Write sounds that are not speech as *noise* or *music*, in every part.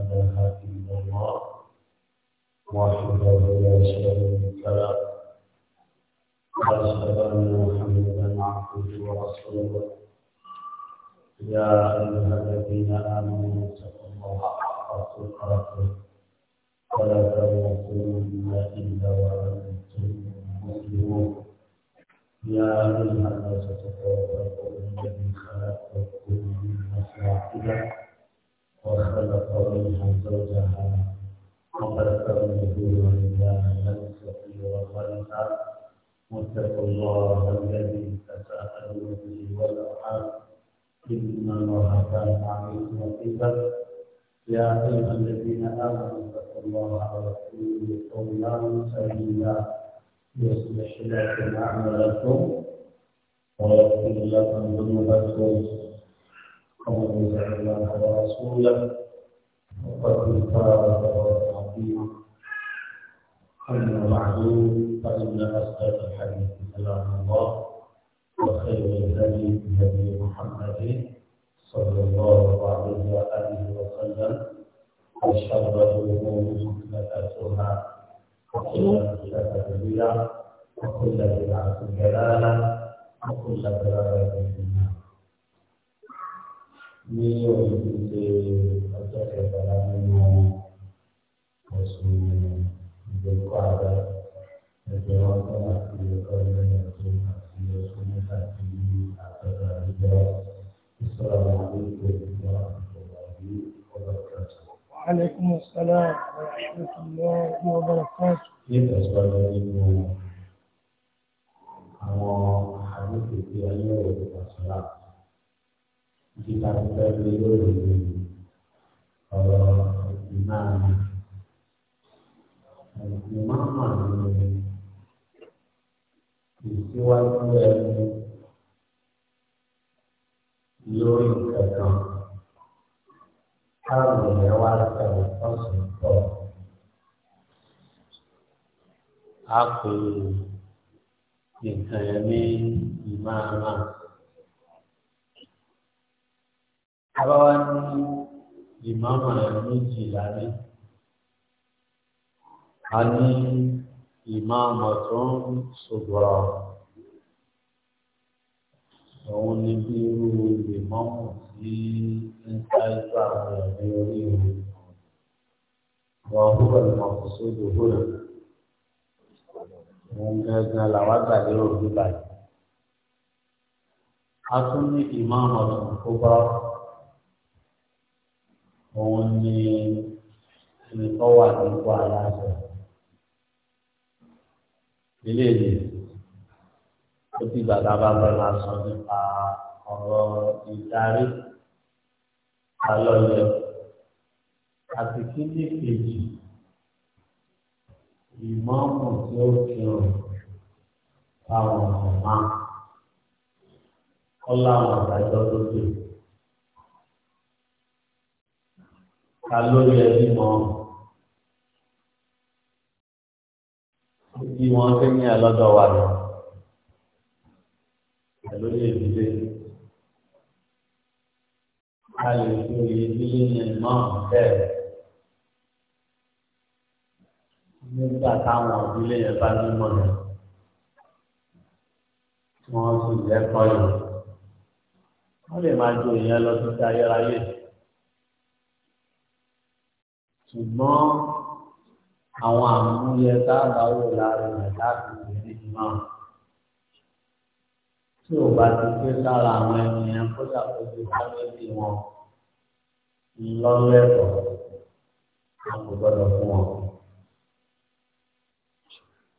إله إلا الله وحده لا شريك له وأشهد أن محمدا عبده ورسوله يا أيها الذين آمنوا اتقوا الله حق تقاته ولا تموتن إلا وأنتم مسلمون يا أيها الناس اتقوا ربكم الذي خلقكم من نفس واحدة وخلق منها زوجها وبث منهما رجالا كثيرا ونساء واتقوا الله الذي تساءلون به والارحام ان الله كان عليكم رقيبا يا ايها الذين امنوا اتقوا الله وقولوا قولا سديدا يصلح لكم اعمالكم ويغفر لكم ذنوبكم ورسوله فقد فاز فوزا عظيما اما بعد فان اصدق الحديث كلام الله وخير الهدي هدي محمد صلى الله عليه واله وسلم وشر الامور محدثاتها وكل محدثه بدعه وكل بدعه ضلاله وكل ضلاله في النار ní ọ̀yọ́ ti ṣe ọjọ́ kẹtàlá nínú oṣù ìgbẹ́kọ̀ ààrẹ ẹgbẹ̀rún ọdún àti ọdún ẹ̀sùn àti oṣù mẹ́ta ti ní àtọ́jà ìjọ ìṣọ̀rọ̀ àwọn ìgbẹ́ وعليكم السلام ورحمة الله وبركاته. كيف أسباب أنه àwọn àdúgbò tí a yẹ wò lọ́sọ̀rọ̀ kita berdiri kalau imam imam istiwa yang yoi kata kalau lewat terus aku yang saya ini àbáwá ní ìmáàmà méjìlá ní a ní ìmáàmà tó ń ṣògbọ́rọ̀ òun ni bí irú ìmáàmù tí ń ká ipá rẹ̀ ní orí ìwé wọ́n húwẹ̀ lọ́kùn sódò húwẹ̀ òun gẹ́gẹ́ làwọn àgbàdo òbí báyìí a tún ní ìmáàmà tó ń kó bá ọ́ òun ni ìtọ́ wà nípò aláṣẹ. Ilé ìlú ó ti gbàgbá bá bẹ́ẹ̀ máa sọ nípa ọ̀rọ̀ ìdarí alọ́yẹ àti kíndì kejì ìmọ̀ọ́mù tí ó kírun fáwọn ọ̀mọ́ ọ̀làwọn àgbàjọ tó dé. ta ló yẹ bímọ bí wọn ṣe ní àlọ́dọ̀ wà lọ pẹ̀lú ìdílé a lè fi òye ìdílé yẹn náà bẹ́ẹ̀ nígbà táwọn ìdílé yẹn bá nímọ̀ yẹn wọ́n sì lẹ́kọ̀ọ́ yẹn wọ́n lè máa ju èèyàn lọ sí ayérayé ṣùgbọ́n àwọn àmúyẹ sábà wò lára rẹ̀ láti ìdílé náà tí ò bá ti gbé lára àwọn ènìyàn kó ṣàkóso fámìlì wọn lọ́lẹ́tọ̀ wọn kò gbọ́dọ̀ fún wọn.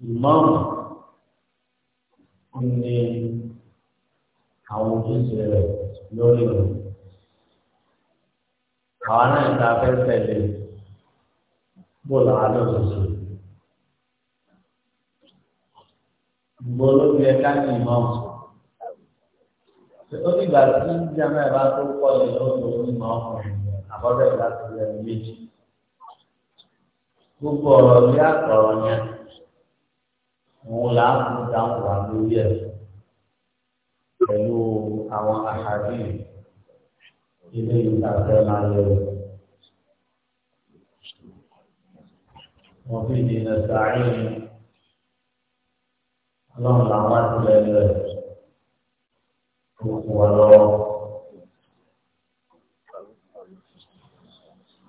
ìmọ̀ọ́mù ni àwọn ojúṣe rẹ̀ lórí rẹ̀. àwọn náà ń ta bọ́ọ̀lù àádọ́sọ̀sọ̀. Bọ́ọ̀lù bí ẹ ká ní ìmọ̀ ọ̀sọ̀. Ó ní ìgbà tí Jamiu bá tó kọ́ ẹ̀ lọ́sọ̀ onímọ̀ ọkùnrin àbọ̀dọ̀ ìgbà tó yẹ méjì. Gbogbo ọ̀rọ̀ bí àtọ̀rọ̀ yẹn, òun là á fún dáhùn wà lórí ẹ̀ pẹ̀lú àwọn àṣàbí ilé ìgbà máa yẹ wò. وبه نستعين اللهم العمات لله ولو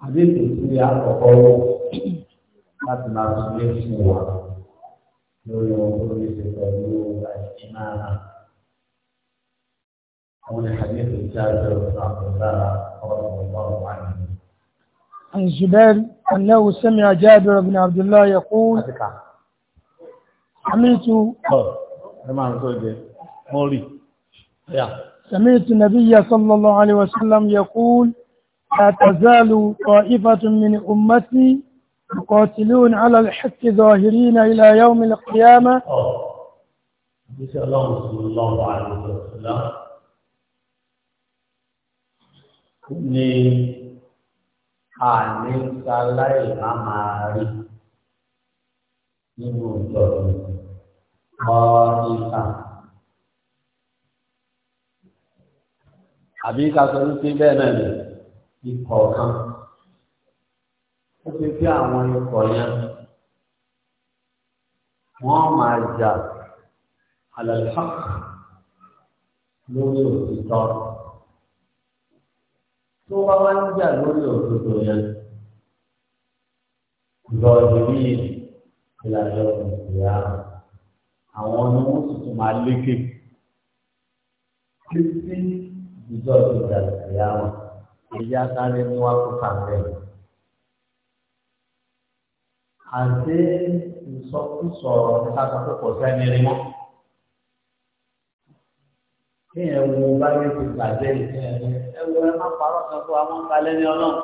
حديث في عقبه láti máa súnlé fún wa lórí ohun tó ní ṣe pẹ̀lú àìsímáàmà. Àwọn ìhàdí tó jáde ọ̀sán ọ̀rọ̀ ọ̀rọ̀ wà nínú. عن جبال أنه سمع جابر بن عبد الله يقول سمعت أه. إيه. سمعت النبي صلى الله عليه وسلم يقول لا تزال طائفة من أمتي يقاتلون على الحق ظاهرين إلى يوم القيامة أه. الله àní sáláì má máa rí nínú ìjọ ọ ìta. àbí ká sọ wípé bẹ́ẹ̀ náà ni ikọ̀ kan ó fi bí àwọn ikọ̀ yẹn wọ́n máa jà àlàlùfáà lórí òtítọ́ tó bá wá ń jà lórí òdodo yẹn lọ́ọ̀dù yìí ìlànà ìyá àwọn ọmọ wọn sì tún máa lékè títí ìjọ ìjà ìyá wọn èyí akáre ní wàá kó kàńtẹ́ àti ìsọkúsọ ọ̀rọ̀ nípa tó sẹ́ni rí mọ́. ní ẹ̀wọ̀n bá yẹ ti bàjẹ́ ẹ̀wọ̀n ẹ̀ má parọ́ sọ fún wa máa ń balẹ̀ ní ọlọ́run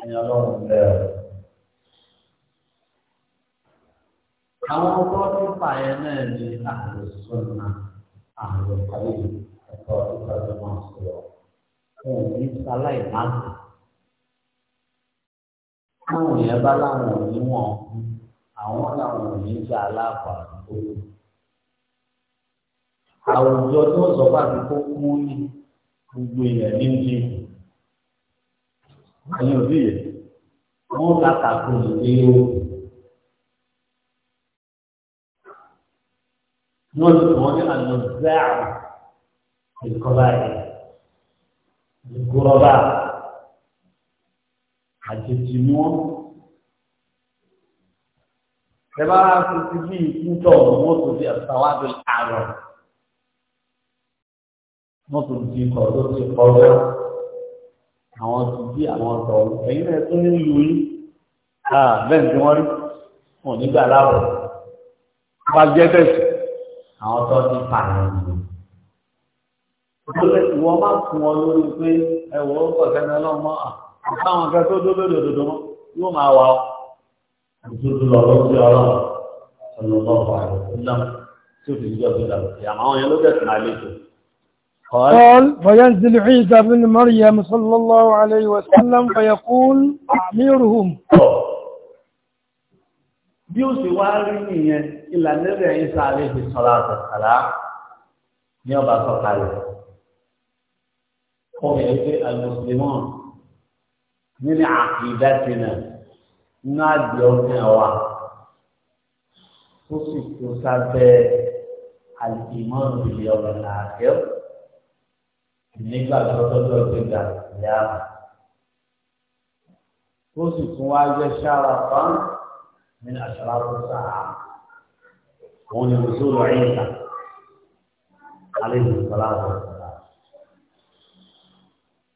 ẹ̀yìn ọlọ́run bẹ́ẹ̀. àwọn ọkọ tó fà náà ní máa fún òní sáláì máa yẹn bá láwọn òní wọn àwọn làwọn òní gbà àwùjọ tí wọ́n sọ fún àdúgbò kú ní gbogbo èèyàn ní ń di ẹ̀yìn òbí yẹn wọ́n ta kàkó ìdílé o. wọ́n ti wọ́n ní àná záà ìkọ́lá yẹn ìgbọ́rọ̀bà àjèjì ni wọ́n. Ẹ bá fi ti bí ìtúntọ̀ ọ̀gbọ́n tó di àtàwádìí àrọ̀ wọ́n tún ti kọ̀ tó ti kọjá àwọn ti bí àwọn tọ̀ ẹ̀yìn rẹ̀ tó ń lu yín bẹ́ẹ̀ ni wọ́n rí wọn nígbà láwọ̀ bá jẹ́ bẹ́ẹ̀ àwọn tó ti pààyàn nìyẹn ìwọ máa fún ọ lórí pé ẹwọ ọkọ̀ọ̀kẹ́ ní ọlọ́mọ àtàwọn akẹ́ tó dódó dòdòdó yóò máa wà ọ́ ìtútù lọ ló sí ọlọ́run ọlọ́mọ ọ̀hún ọ̀hún ọ̀hún tí ó fi ń jọ sí ìdàgbàsí àmọ́ àwọn yẹn ló bẹ̀rẹ̀ sí máa lé jù. قال, قال فينزل عيسى بن مريم صلى الله عليه وسلم فيقول أعميرهم bí ó sì wá rí nìyẹn ìlànà rẹ̀ ìsà àlejò sọ̀rọ̀ àtàkàrà ní ọba sọ̀kalẹ̀ ọmọ ẹgbẹ́ alùsùlùmọ́ nínú àkìdá tìǹà nínú àdìẹ ọ̀gbìn àwa ó sì kó sábẹ́ alìmọ́ọ̀nù ìlẹ̀ ọ̀gbìn àkẹ́wò nígbà tọ́jọ́ gbéga ìyá ó sì tún wá jẹ́ sára fún mi àṣàrà tó sáà òun ni òṣù lọ ẹ̀yìn ta alẹ́lẹ́ ìfọlá wọn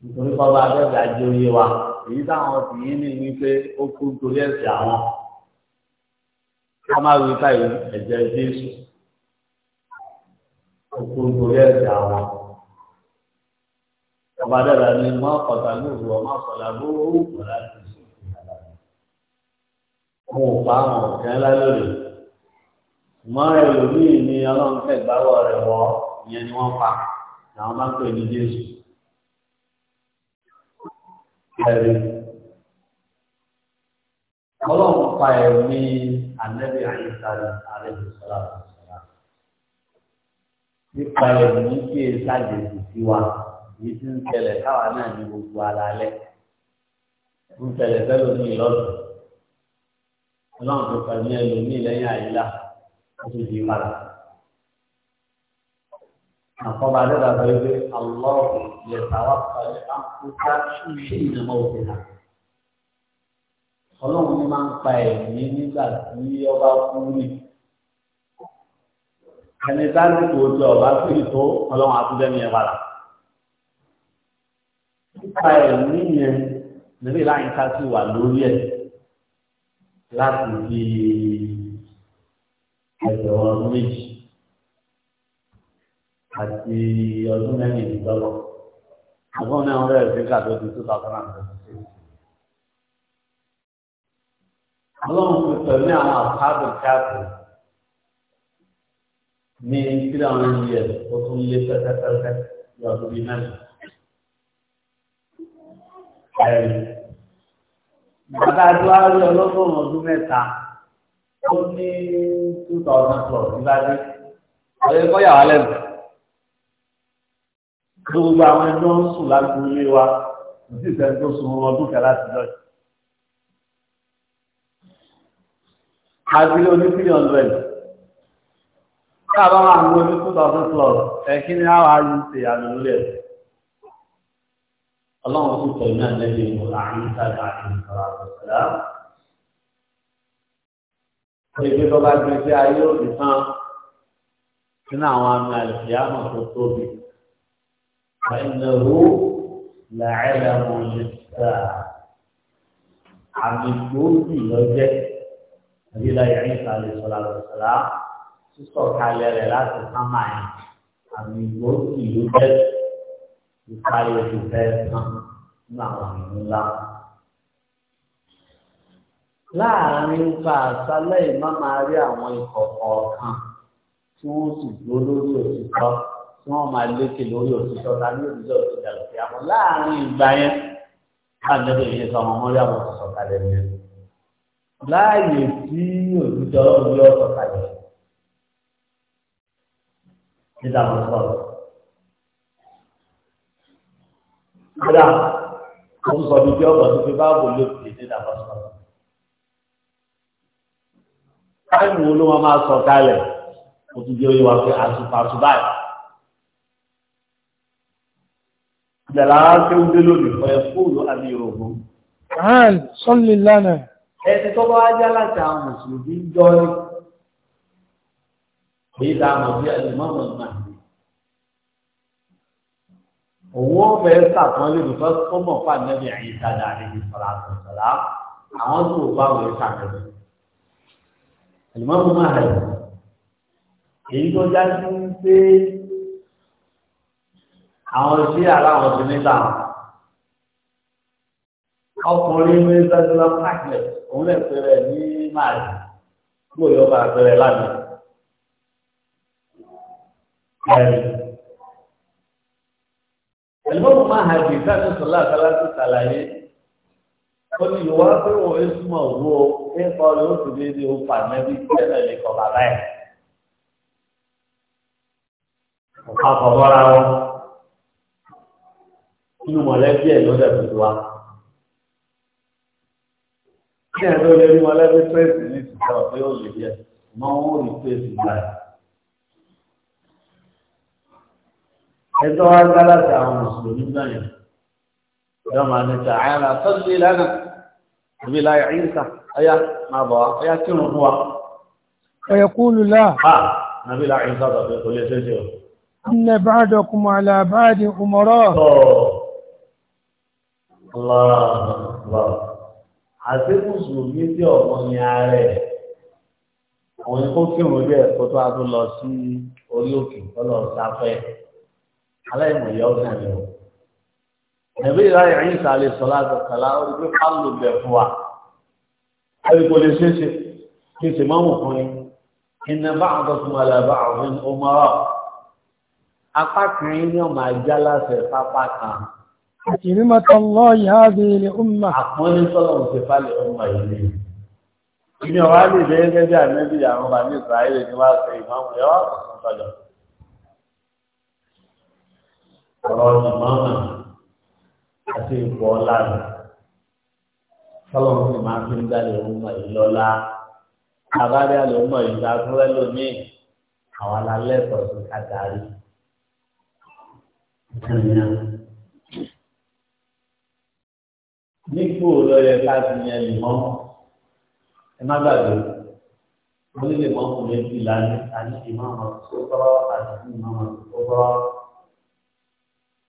nítorí bàbá abẹ́gbẹ́ ajé oyé wa èyí táwọn ti yín ní wípé ó kú nítorí ẹ̀sìn àwọn ká má wí káyọ̀ ẹ̀jẹ̀ Jésù ó kú nítorí ẹ̀sìn àwọn ọba dára ni mọ ọkọtàlú ìwọ má sọlá lóòrùn kọlá ti sùn mo pa àwọn ọ̀kẹ́ ńlá lórí mọ ẹlòmíì ni ọlọ́run fẹ́ gbáwọ́ rẹ̀ wọ ìyẹn ni wọ́n pa làwọn bá ń pè ní jésù ẹ̀rí ọlọ́run pa ẹ̀mí ànẹ́bí àyíkáyà àrẹ́bùsọ̀lá nípa ẹ̀mí kí ẹ ṣàjèjì sí wa yìí ti ń tẹ̀lẹ̀ káwa náà ní gbogbo alalẹ́ ń tẹ̀lẹ̀ sẹ́lò ní ìlọ́sùn ọlọ́run tó pẹ̀lú ẹlòmíì lẹ́yìn àyílá ó ti di padà. àkọ́bà dẹ́gbà sọ pé àlọ́ọ̀kù lè sàwọ́ pẹ̀lú àkókò ṣíṣe ìnáwó òkè náà. ọlọ́run ní máa ń pa ẹ̀mí nígbà tí ọba kú nì. ẹni tá ló kò tó ọba sí ìtó ọlọ́run àtúndẹ́mìí ẹ̀ padà nípa ẹ̀mí yẹn nílé láyìnká sì wà lórí ẹ̀ láti di ẹgbẹ̀rún méjì àti ọdún mẹ́rìndínlọ́gbọ̀n àgbọ̀n náà ń rẹ̀ ṣe kàdó di two thousand and twenty six. ọlọ́run ti pẹ̀lú àwọn àkáàbò káàbò ní three hundred years ó tún lé pẹ́pẹ́pẹ́pẹ́ ní ọdún bíi mẹ́rin. Bàbá Adúláwí ọlọ́gọ́rùn-ún ọdún mẹ́ta ó ní two thousand plus nígbàdí. Ọ̀yẹ́ kọ́ yà wá lẹ́nu. Gbogbo àwọn ẹgbẹ́ ń sùn lágbo ilé wa, kò sí ìfẹ́ tó sun ọdún kẹ láti lọ́yìn. Agbílé oní three hundred. Bí àbá máa ń wo ní two thousand plus, ẹ̀kí ni àwọn arúgbó ṣe àlùlẹ̀. اللهم صل على النبي صلى الله عليه الصلاة والسلام فإذا بابا جيسي آيو إنسان كنا عوامنا القيامة في الطوبة فإنه لعلم للساعة عم يقول لوجد نبي الله يعيسى عليه الصلاة والسلام سيصور حالي للاسة سمعين عم يقول لوجد ìparí oṣù kẹsàn-án nínú àwọn ìlú ńlá. láàárín fa àṣálẹ́ ìmá máa rí àwọn ikọ̀ kọ̀ọ̀kan tí wọ́n sì dúró lórí òtítọ́ tí wọ́n máa lékè lórí òtítọ́ ta ní òtítọ́ tó dàgbà sí àwọn láàárín ìgbà yẹn láàárín ìgbà yẹn sọ ọmọ mọ́rí àwọn ọ̀sọ̀ kalẹ̀ yẹn láàyè tí òtítọ́ lórí ọ̀sọ̀ kalẹ̀ nígbà wọn sọ̀rọ̀. kódà ó ń sọ bíbí ọgbà tó fi báàbò lóde ní dàbọsọ. káyọ̀ wo ló wọn máa sọ kálẹ̀ ó ti di oyè wa pé àtùpàtù báyìí. ìjàlá kéwúdé lónìí ọ̀yẹ̀ fóònù àbí ìrògùn. hàn sọ́ọ̀lì lánàá. ẹni tó bá wájá láti àwọn mùsùlùmí ń jọ ní. èyí tá a bí ẹni mọ́mọ́ náà òun ó fẹ́ sàpọ́nlé lùkọ́ tó mọ̀ fún ànábì ẹ̀yìn dáadáa níbi sọ̀rọ̀ àtọ̀sọ̀lá àwọn tó bá wọlé sàpẹ́lú. ẹ̀lùmọ́mú máa rẹ̀ èyí tó já sí ń pé àwọn sí aláwọ̀ sí níta ọkùnrin ní sẹ́sílá pàkẹ́ òun lè pèrè ní máa rẹ̀ kúrò yọba pèrè lánàá ìmọ̀mù máa hà bí sáàtì sọ̀lá àkàlà ti sàlàyé ó ní ìwà pé wọ́n ń súnmọ̀ owó ẹ̀kọ́ rẹ̀ ó sì ní ní òun pàmẹ́bí tẹ́lẹ̀ lè kọ̀ bàbá ẹ̀. ọ̀pá fọ̀mọ́ra wọn inú mọ̀lẹ́bí ẹ̀ ló dẹ̀ tuntun wa. kí ẹ̀ ló lè rí mọ̀lẹ́bí pẹ́ẹ́sì ní ìsìnkú ọ̀pẹ́ òlè mọ́ wọn ò rí pẹ́ẹ́sì báyìí. ẹjọ́ wa gbálàtà àwọn mùsùlùmí náà yẹn yọ máa ní ta àyàlà sọ́dún ìlànà àbí láyé àyíká ọyá máa bọ̀ wá ọyá tí òun fún wa. ọ̀yẹ̀ kú lula. a nàbí láyé àyíká bàbá kò àti mùsùlùmí tí ní ààrẹ ẹ̀kọ́ tó a tó lọ sí orí òkè aláìmọ̀ yẹ ọ̀sán ni o. Ẹ̀bí ìráyè ẹ̀yìn sàlẹ̀ sọ̀lá àtọ̀kàlá ó gbé pálọ̀ bẹ̀ fún wa. Ẹ̀bí kò lè ṣe é ṣe kí ṣe máa mú fún yín. Iná bá àwọn tuntun máa lọ bá àwọn ọmọ rà. Apá kan yín ni ọmọ ajá láṣẹ pápá kan. Ìtìrí mọ́tò lọ ìhá bí ọmọ. Àpọ́nlé sọ́lọ̀ ń ṣe fálẹ̀ ọmọ yìí ni. Ìmí ọ̀rá lè bẹ́ẹ̀ gẹ́gẹ́ bí ọ̀rọ̀ ìmọ̀ọ́mà àti ipò ọ̀la rẹ̀ fọlọ́n sì máa fi ń dáre ọmọ yìí lọ́la àbádé àlè ọmọ yìí la fún ẹlòmíì àwọn alálẹ́kọ̀ọ́ sí kàdárí. nípò lọ́yẹ ká ti yẹn lìmọ́ ẹ má gbàgbé wọ́n lè mọ́ ọkùnrin méjìlá ní àní ìmọ̀ ọ̀hún tó kọ́ àti ìmọ̀ ọ̀hún tó kọ́.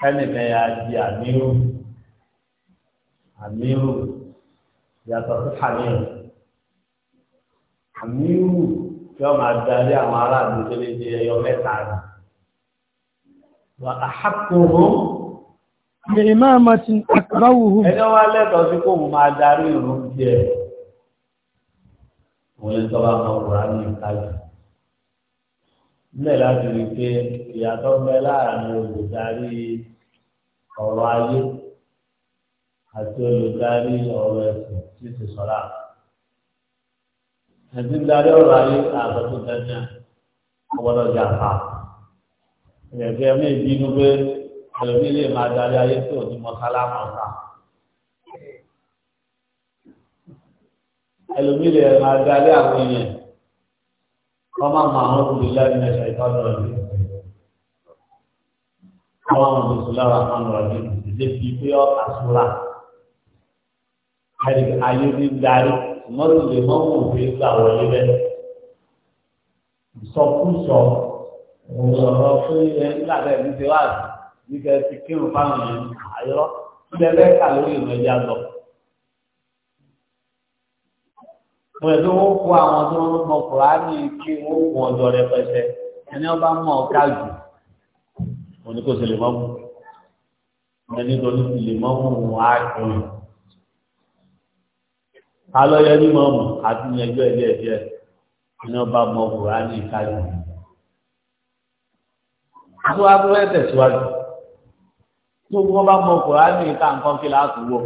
kẹ́nìkan yà di àmírù àmírù yàtọ̀ sí àmírù àmírù tí wọ́n máa darí àwọn aráàlú tó lè di ẹyọ mẹ́ta rẹ̀ wà á hàkóhó. Mèémà Martin Akbáwùhù. Ẹni wá lẹ́tọ̀ọ́ sí kò máa darí ìrún díẹ̀. Wọ́n lè sọ bá máa wùrà ní ìtajà níbẹ̀ láti rí i pé ìyàtọ̀ ń bẹ láàrin olùdarí ọ̀rọ̀ ayé àti olùdarí ọ̀rọ̀ ẹ̀sìn tí ti sọ̀rọ̀ àpò. ẹ̀sìn ń darí ọ̀rọ̀ ayé àtọ́tò dandan ọgbọ́dọ̀ jà pa. ìrẹ̀fẹ́ mi bínú pé ẹ̀rọ̀mí lè máa darí ayé tí ò ní mọ́sálámà ọ̀tá. ẹlòmí lè máa darí àwọn èèyàn ọmọ àwọn olùdílé ní ẹ̀ṣẹ̀ ìtọ́jú rẹ̀ àwọn olùsùlára àwọn ọ̀rẹ́ ìdílé fi pé ọ́ àsúra ayé ní darí mọ́tò lè mọ́ wò pé gbà wọlé bẹ́ẹ̀ ìsọkúsọ ọ̀rọ̀ pé ẹ nígbà bẹ́ẹ̀ ní ti nígbà tí kírun fáwọn ẹ̀yìn àyọ́ ilẹ̀ bẹ́ẹ̀ lórí ìmọ̀ ẹja lọ. pẹ̀lú wọn kó àwọn tó ń mọ kùránì kí wọ́n kún ọjọ́ rẹpẹtẹ ẹni ọba mọ̀ ọ́ká jù wọn ni kò sì lè mọ́ mú ẹni tó ní sì lè mọ́ mú wọn á kún un. alọ́yẹ ní mọ́ mú àti ní ẹgbẹ́ díẹ̀ díẹ̀ ẹni ọba mọ̀ kùránì ká jù. àti wọn á tún tó wọn bá mọ̀ kùránì ká nǹkan kí láàtúwọ̀.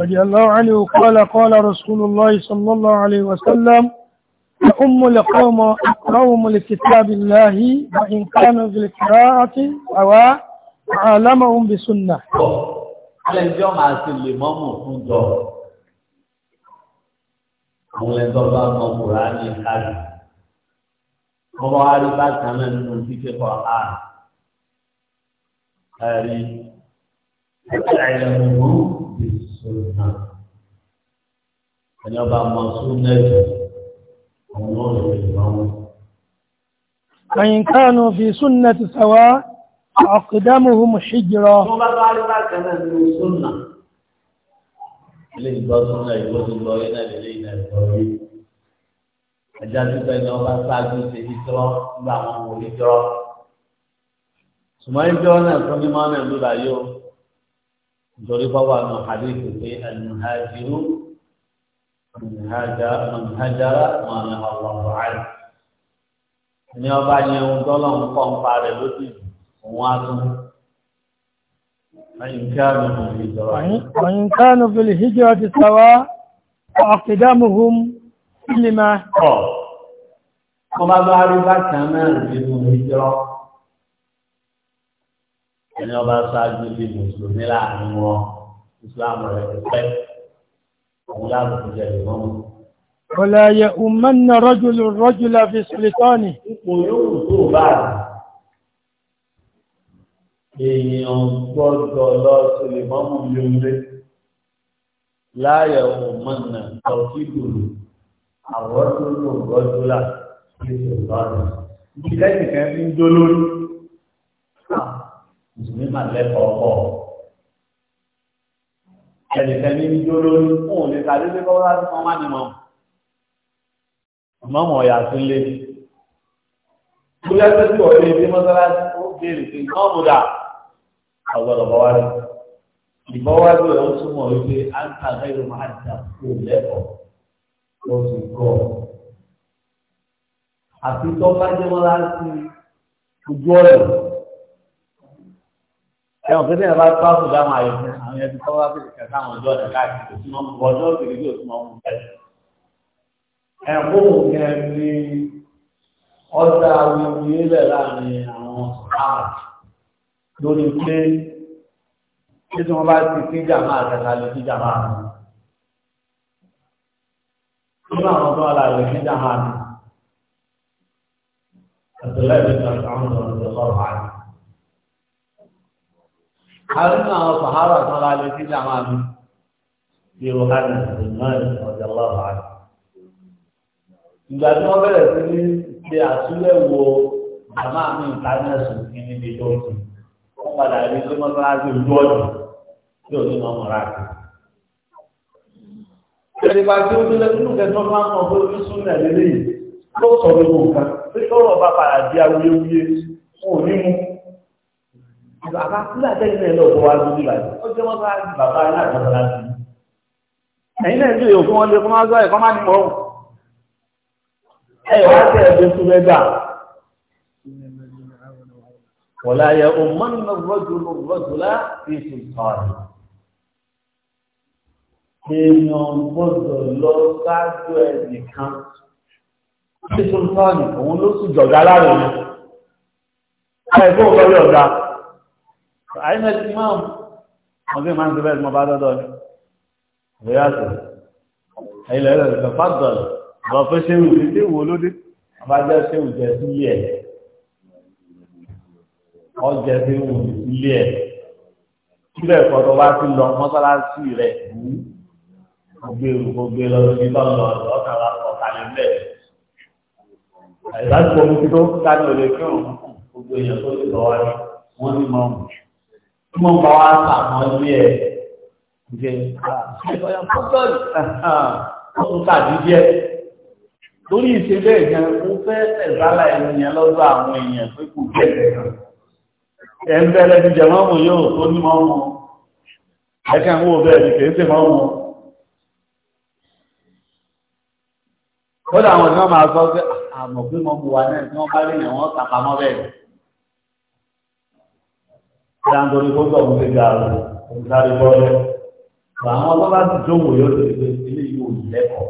رضي الله عنه قال قال رسول الله صلى الله عليه وسلم أم القوم قوم لكتاب الله وإن كانوا في القراءة أو علمهم بسنة على اليوم عسل الإمام وكنت àwọn ẹgbẹ́ bá mọ kura ní káàdì wọ́n bá wá rí bákan ẹ̀ẹ́dẹ̀gbẹ̀rún ìṣúná. Ẹni ọba mọ súnlẹ̀ jù àwọn ọ̀rọ̀ ìgbàwọ̀. Kàyìn kánú fi súnà ti sàwá àkùdámùhù mùsíjìrọ. Tó bá bá rí bákan náà ní súnà. Ilé ìgbọ́ súnà ìgbó ti náà lélẹ́ ìlà ìgbọ́ Ẹja nítorí báwa nù hadith pé alimuhajiru alimuhajara mọ̀nà ọ̀wọ̀wọ̀ àyè. ní ọba yẹn ń tọ́lọ̀ ń kọ́ ń parẹ́ lójú òun á tún. وإن كانوا في الهجرة سواء فأقدامهم لما قال. وما بعد ذلك كان يجرى ẹni ọba ṣáájú bí mùsùlùmí láàrin wọn ìsìláàmù rẹ̀ kò pẹ́ òun láàbù kò jẹ ìmọ̀ mu. yẹ ùmọ́n na rọ́júlù fi sùlítọ́ọ̀nì. Ipò yóò tó bá a. Èèyàn gbọ́dọ̀ lọ sílẹ̀ mọ́mú lóore. Láyẹ̀ ùmọ́n na ọ̀kídùrù fi sùlítọ́ọ̀nì. Ìdílé nìkan ń dó mùsùlùmí máa lẹ́kọ̀ọ́ pọ̀. ẹnìkan ní ijó lórí fún òun lè tàbí pé kọ́ láti wọn wá nìmọ̀ ọmọ ọmọ ọ̀yà tó lé ní. bóyá tó ti wọlé ilé mọ́sálásí ó béèrè pé nǹkan ọ̀mùdà àgbọ̀dọ̀ bọ́ wá rí. ìbọ́wájú ẹ̀ ó túmọ̀ wípé à ń máa dà kó lẹ́kọ̀ọ́ ló kọ́ ọ tó bá jẹ́ wọn ojú ọ̀rẹ́ ẹ̀wọ̀n pé sẹ́yìn bá tó àwọn àwọn lórí pé kí tí wọ́n bá ti kí jàmá àtẹ̀ká lè kí jàmá àná. nínú àwọn tó wà láàrin kí jàmá àná àtẹ̀lẹ́ ìgbésẹ̀ àwọn ọ̀dọ́ àrùn àwọn sàhárà kan la lè sí ìlànà àmì ìrò hànà ìmọ̀ràn ọ̀dẹ̀ ọlọ́run àti. ìgbà tí wọ́n bẹ̀rẹ̀ sí ní ṣe mi ní tó ti wọ́n padà rí ojú tí ò ní mọ́ mọ́ra sí. tí ó nínú máa ń pé ló gbogbo nǹkan pé bá padà di awuyewuye bàbá nígbà tẹ́lẹ̀ náà lọ bọ́ wá lójú báyìí ó jẹ́ wọ́n bá bàbá náà tó bọ́lá sí. ẹ̀yin náà ń dìrò wọn lé fún wọn sọ ẹ̀kọ́ máa ní mọ́ ẹ̀ wá tẹ̀ ẹ̀ bẹ́sù bẹ́ẹ̀ gbà. wọ́lá yẹ ọmọnù rọ́jùlù rọ́jùlá fi sùtọ́ọ̀lù. èèyàn gbọ́dọ̀ lọ sáájú ẹ̀ nìkan. fi sùtọ́ọ̀lù òun ló sì jọ̀gá láàrin. ẹ̀fọ́ ọ̀gá àyínà ti máa wọn bí máa ń tẹ́lẹ̀ mọ́ bá dọ́dọ́ ní ìgbéyàtọ̀ ilẹ̀ ẹ̀rọ ìfẹ́ fàdọ̀lọ̀ lọ fẹ́ ṣe ìwé tí wò lóde bá jẹ́ ṣe ìjẹ sílé ẹ̀ ọjẹ́ tí wò sílé ẹ̀ sílẹ̀ ẹ̀kọ́ tó bá ti lọ mọ́sálásí rẹ̀ wú gbogbo gbogbo e- e lọ sí lọ́nà ọ̀kan ọ̀kàlẹ̀ mẹ́ àìsàn tó ń tó ká ní olè kí gbogbo èèyàn tó lè lọ wá ní wọ́n ní mọ́ọ̀mù jù tí wọ́n bá wá sàmọ́ ilé ẹ̀ jẹ́ ọ̀yà pọ́tọ́lì ọ̀tún tàbí díẹ̀ lórí ìṣe bẹ́ẹ̀ gan mo fẹ́ tẹ̀sálà ènìyàn lọ́dọ̀ àwọn èèyàn pé kò jẹ́ ẹ̀ ń bẹ̀rẹ̀ ti jẹ̀ mọ́mù yóò tó ní mọ́mù ẹ̀kẹ́ ń wò bẹ́ẹ̀ ni kìí ṣe mọ́mù kódà àwọn tí máa sọ pé àmọ̀ pé mọ́mù wa náà tí wọ́n bá lè yàn wọ́n tàpamọ́ bẹ́ẹ̀ dáńtọ́ ní kó tọ̀ ń fi ga àrùn òun sáré bọ́ọ̀lù. àwọn tó bá ti jókòó yóò ti pé ilé yìí ò lẹ́kọ̀ọ́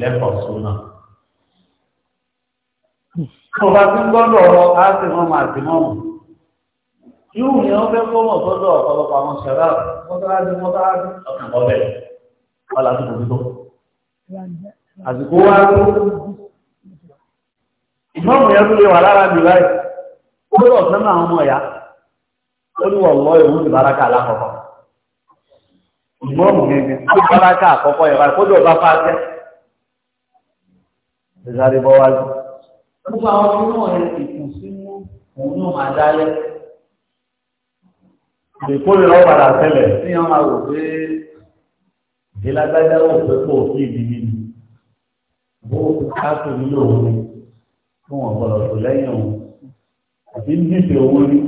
lẹ́kọ̀ọ́ sóná. tó bá ti gbọ́dọ̀ ọ̀rọ̀ á sì mọ́mọ́ àti mọ́mọ́. yóò ní wọ́n fẹ́ kó mọ̀ sọ́dọ̀ ọ̀pọ̀lọpọ̀ àwọn ṣẹ̀rá mọ́tàlásí mọ́tàlásí ọ̀kàn bọ́bẹ̀ wọ́n lásìkò tó àsìkò wá tó ìmọ̀mù yẹn tó lè wà lára mi báyìí ó lọ́ọ̀ sẹ́nu àwọn ọmọ ìyá ó ní wọ̀n mọ́ ìwú ti báraká alákọ̀ọ́kọ́ ìmọ̀ọ̀mù gẹ́gẹ́ tó báraká àkọ́kọ́ yẹn báyìí kójú ọba fáṣẹ́ ìsáré bọ́ wájú. gbogbo àwọn ọmọ náà yẹn ìkùnsínú òun náà máa dálẹ́ ìkórè lọ padà tẹ́lẹ̀ tí wọ́n máa wò pé ìlágbájá wò pé kò kí ibi mi ni bó káàtó nílò òun ni fún ọ̀pọ̀lọpọ̀ lẹ́yìn òun àti nífẹ̀ẹ́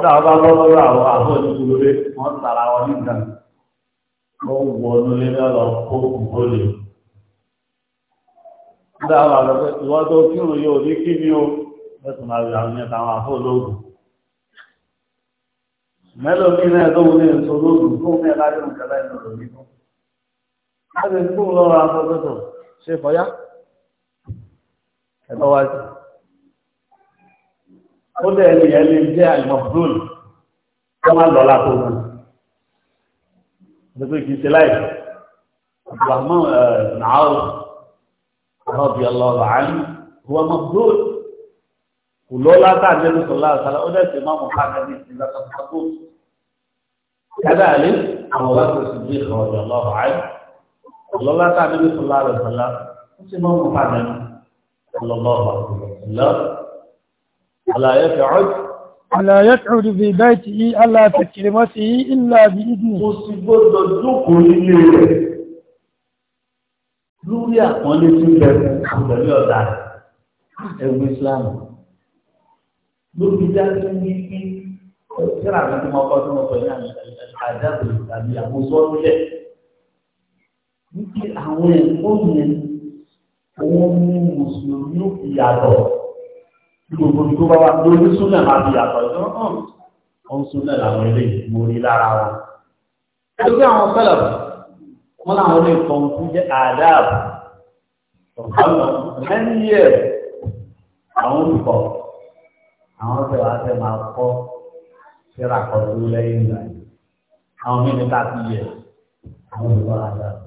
nígbà wọn bá lọ lọ́rọ̀ àwọn àbọ̀ ìdúró lé wọn tara wọn nígbà wọn wọ nílé náà lọ kó òkú lè. nígbà wọn àlọ́ pé ìwọ́n tó kírun yóò ní kí ni o lẹ́tùn máa rí àwọn yẹn táwọn àbọ̀ lóògùn. mẹ́lòó ní náà tó wọlé èso ó dẹ̀ ẹni yẹn lè jẹ́ àìmọ̀bùdùn tó máa lọ́la tó mú nítorí kìí ṣe láì àbúrámọ́ nàáwó rọ́bì ọlọ́rọ̀ àánú wọ́n mọ̀bùdùn kò lọ́la tá àjẹ́ ní sọ̀lá àṣàlá ó dẹ̀ ṣe máa mọ̀ káàkiri ìṣẹ̀lẹ̀ tó kádà àlẹ́ àwọn bá tó sì bí ألا يقعد ألا يقعد في بيته ألا تكرمته إلا بإذنه وسيقول دوك ليه lórí àpọ́nlé tí ń bẹ pẹ̀lú ọ̀dà ẹ̀wù Islam lórí dájú ní bí ọ̀sẹ̀rà mi tí mo kọ́ tí mo sọ ní àdáàbò tàbí àkóso ọ̀lẹ̀ wípé àwọn ẹ̀kọ́ yẹn òun ní mùsùlùmí yàtọ̀ gbogbo tó bá wà lórí súnà máa fi yàtọ̀ ìjọ hàn ọ̀hún súnà làwọn ilé ìgbìmọ̀ orí lára wọn. ẹgbẹ́ àwọn sẹ́lẹ̀ wọn làwọn ilé ìfọ̀n tó jẹ́ àdáàbò ọ̀pọ̀lọpọ̀ mẹ́rin yẹ̀ àwọn olùkọ́ àwọn ọ̀sẹ̀ wa fẹ́ máa kọ́ síra kọ́tù lẹ́yìn ìgbà yìí àwọn mẹ́rin tá a ti yẹ àwọn olùkọ́ àdáàbò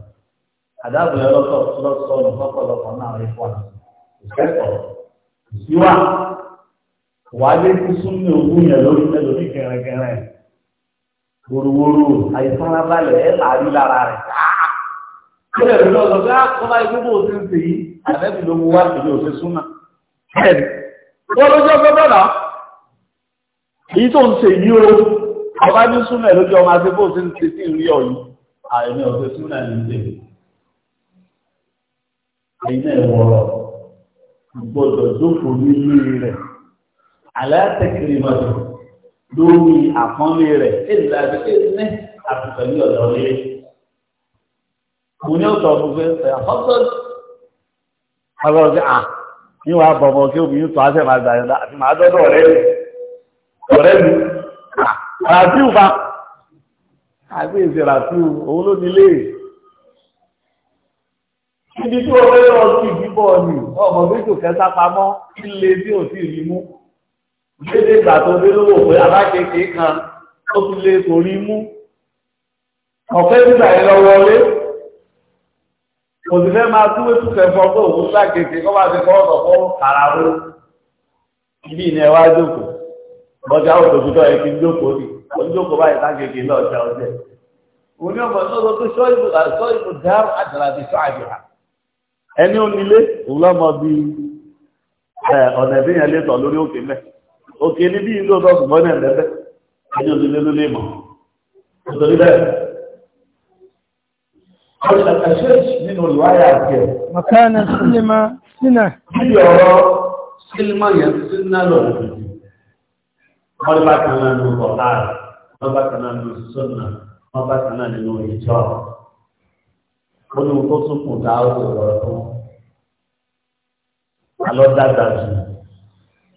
àdáàbò yẹn lọ́sọ̀ọ́ lọ́sọ̀ọ́ lọ́pọ̀lọpọ̀ náà ẹ̀fọ́ àti ìkẹ́kọ̀ọ́ ìsíwá wàá lé kú sún ní ogún yẹn lórí ẹlòmí kẹrẹkẹrẹ wòrowòro àìfarabalẹ̀ ẹ làárí lára rẹ̀ káà kílẹ̀ ló lọ́sọ̀ bí akọ́lá ah, ikú bó ti ń sè yí àbẹ́bí ló mú wá sílé òṣè súnà ẹ̀rí wọ́n ló jọ́ gbọ́dọ̀ náà èyí tó ń sè yí o ọba ní súnà ló jọ máa ṣe bó ti ń sè sí ìrí ọ̀yí àìní òṣè súnà ní ìṣe ẹ̀yin náà wọ̀rọ̀ gbọ́dọ̀ jókòó nílé rẹ̀ alátẹ̀kiri mọ́tò lórí àpọ́nlé rẹ̀ èyí láti èyí ní àtìpẹ̀lú ọ̀dọ̀ lé. mo ní ọ̀tọ̀ mo fẹ́ fẹ́ àkọ́tọ̀ ọ̀rọ̀ ọ̀sẹ̀ à ní wàá bọ̀ bọ̀ kí obìnrin tó àṣẹ máa gbà yọ̀dá àti màá dọ́dọ̀ ọ̀rẹ́ mi ọ̀rẹ́ mi ràfíù fa àti èsì ràfíù òun ló ní ilé yìí ibi tí o fẹ́ lọ sí ìdíbọ̀ ni ọmọ méjì kẹta pamọ́ ilé tí ò sí ìlú mú Dédé ìgbà tó dé lówó pé alákèéké kan ó tún lé torí mú. Ọ̀fẹ́ nígbà yẹn lọ wọlé. Òsì fẹ́ máa túwé túfẹ́ fọ́ pé òun ṣàkèké kọ́ bá ti kọ́ ọ̀sọ̀ fọ́ kàrà ró. Ibi ìní ẹ wá jókòó. Bọ́jà òtòkútọ̀ ẹ ti ń jókòó ni. Ó ń jókòó báyìí sákèké lọ́ọ̀jà ọjẹ́ òní ọmọ sọ́dọ̀ tó sọ́ìbù sọ́ìbù dáhùn àdàlà ti sọ àjìrà ẹni onílé òun lọ́mọ bí ọ̀nà ìbíyàn lè tọ̀ lórí òkè mẹ́ òkè ní bí ìlú ọ̀dọ́ ṣùgbọ́n ní ẹ̀lẹ́fẹ́ ẹjọ́ lílé lólé mọ̀ nítorí bẹ́ẹ̀ ọ̀ṣẹ̀ṣẹ̀ṣẹ̀ nínú ìwáyà àti ẹ̀ mọ̀kánà sílímà sínà níbi ọ̀rọ̀ sílímà yẹn sínà lọ́rọ̀ wọ́n bá kan náà nínú ọ̀tá wọ́n bá kan náà nínú sọ́nà wọ́n bá kan náà nínú ìjọ ó ní ohun tó dáhùn ọ̀rọ̀ tó alọ́ dáadáa jù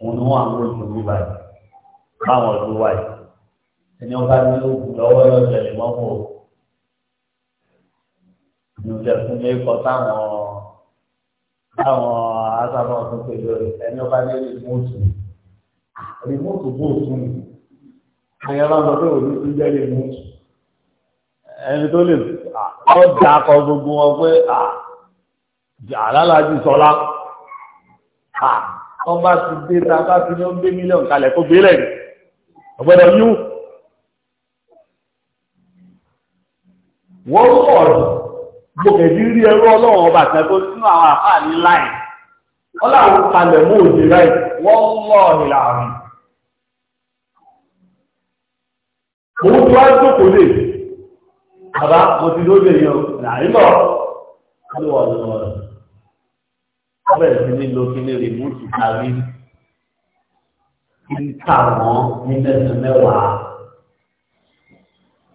òun ni wọ́n àwọn olùdókòwò báyìí báwọn ọdún wáyé ẹni ọba ní oògùn lọ́wọ́ lọ́jọ́ lè mọ́ mọ́ ìjọba fún mi kọ táwọn táwọn asábọ̀ tó pè lórí ẹni ọba ní rìmọ́tù rìmọ́tù bò fún ẹni ọba sọ pé òní tún jẹ́ rìmọ́tù ẹni tó lè ọ da akọ gbogbo wọn pé àlálàájì sọlá ọba ti dé ta bá fi ní ó gbé mílíọ̀n kalẹ̀ kó gbé lẹ́yìn ọ̀gbọ́dọ̀ yú. wọ́n rọ̀ gbòkèdí rí ẹrú ọlọ́run ọba kan tó sínú àwọn àfáàní láì wọ́n láwọn kalẹ̀ mú òde láì wọ́n lọ́ ìlànà. òun tó wá jókòó lè bàbá mo ti lóde yẹn o làrí lọ. Alúwọ̀ ọ̀dọ̀ ọ̀dọ̀ bẹ̀rẹ̀ sí ní lo kíní rìmúùtù kárí kíkà wọ́n ní mẹ́sàn-án mẹ́wàá.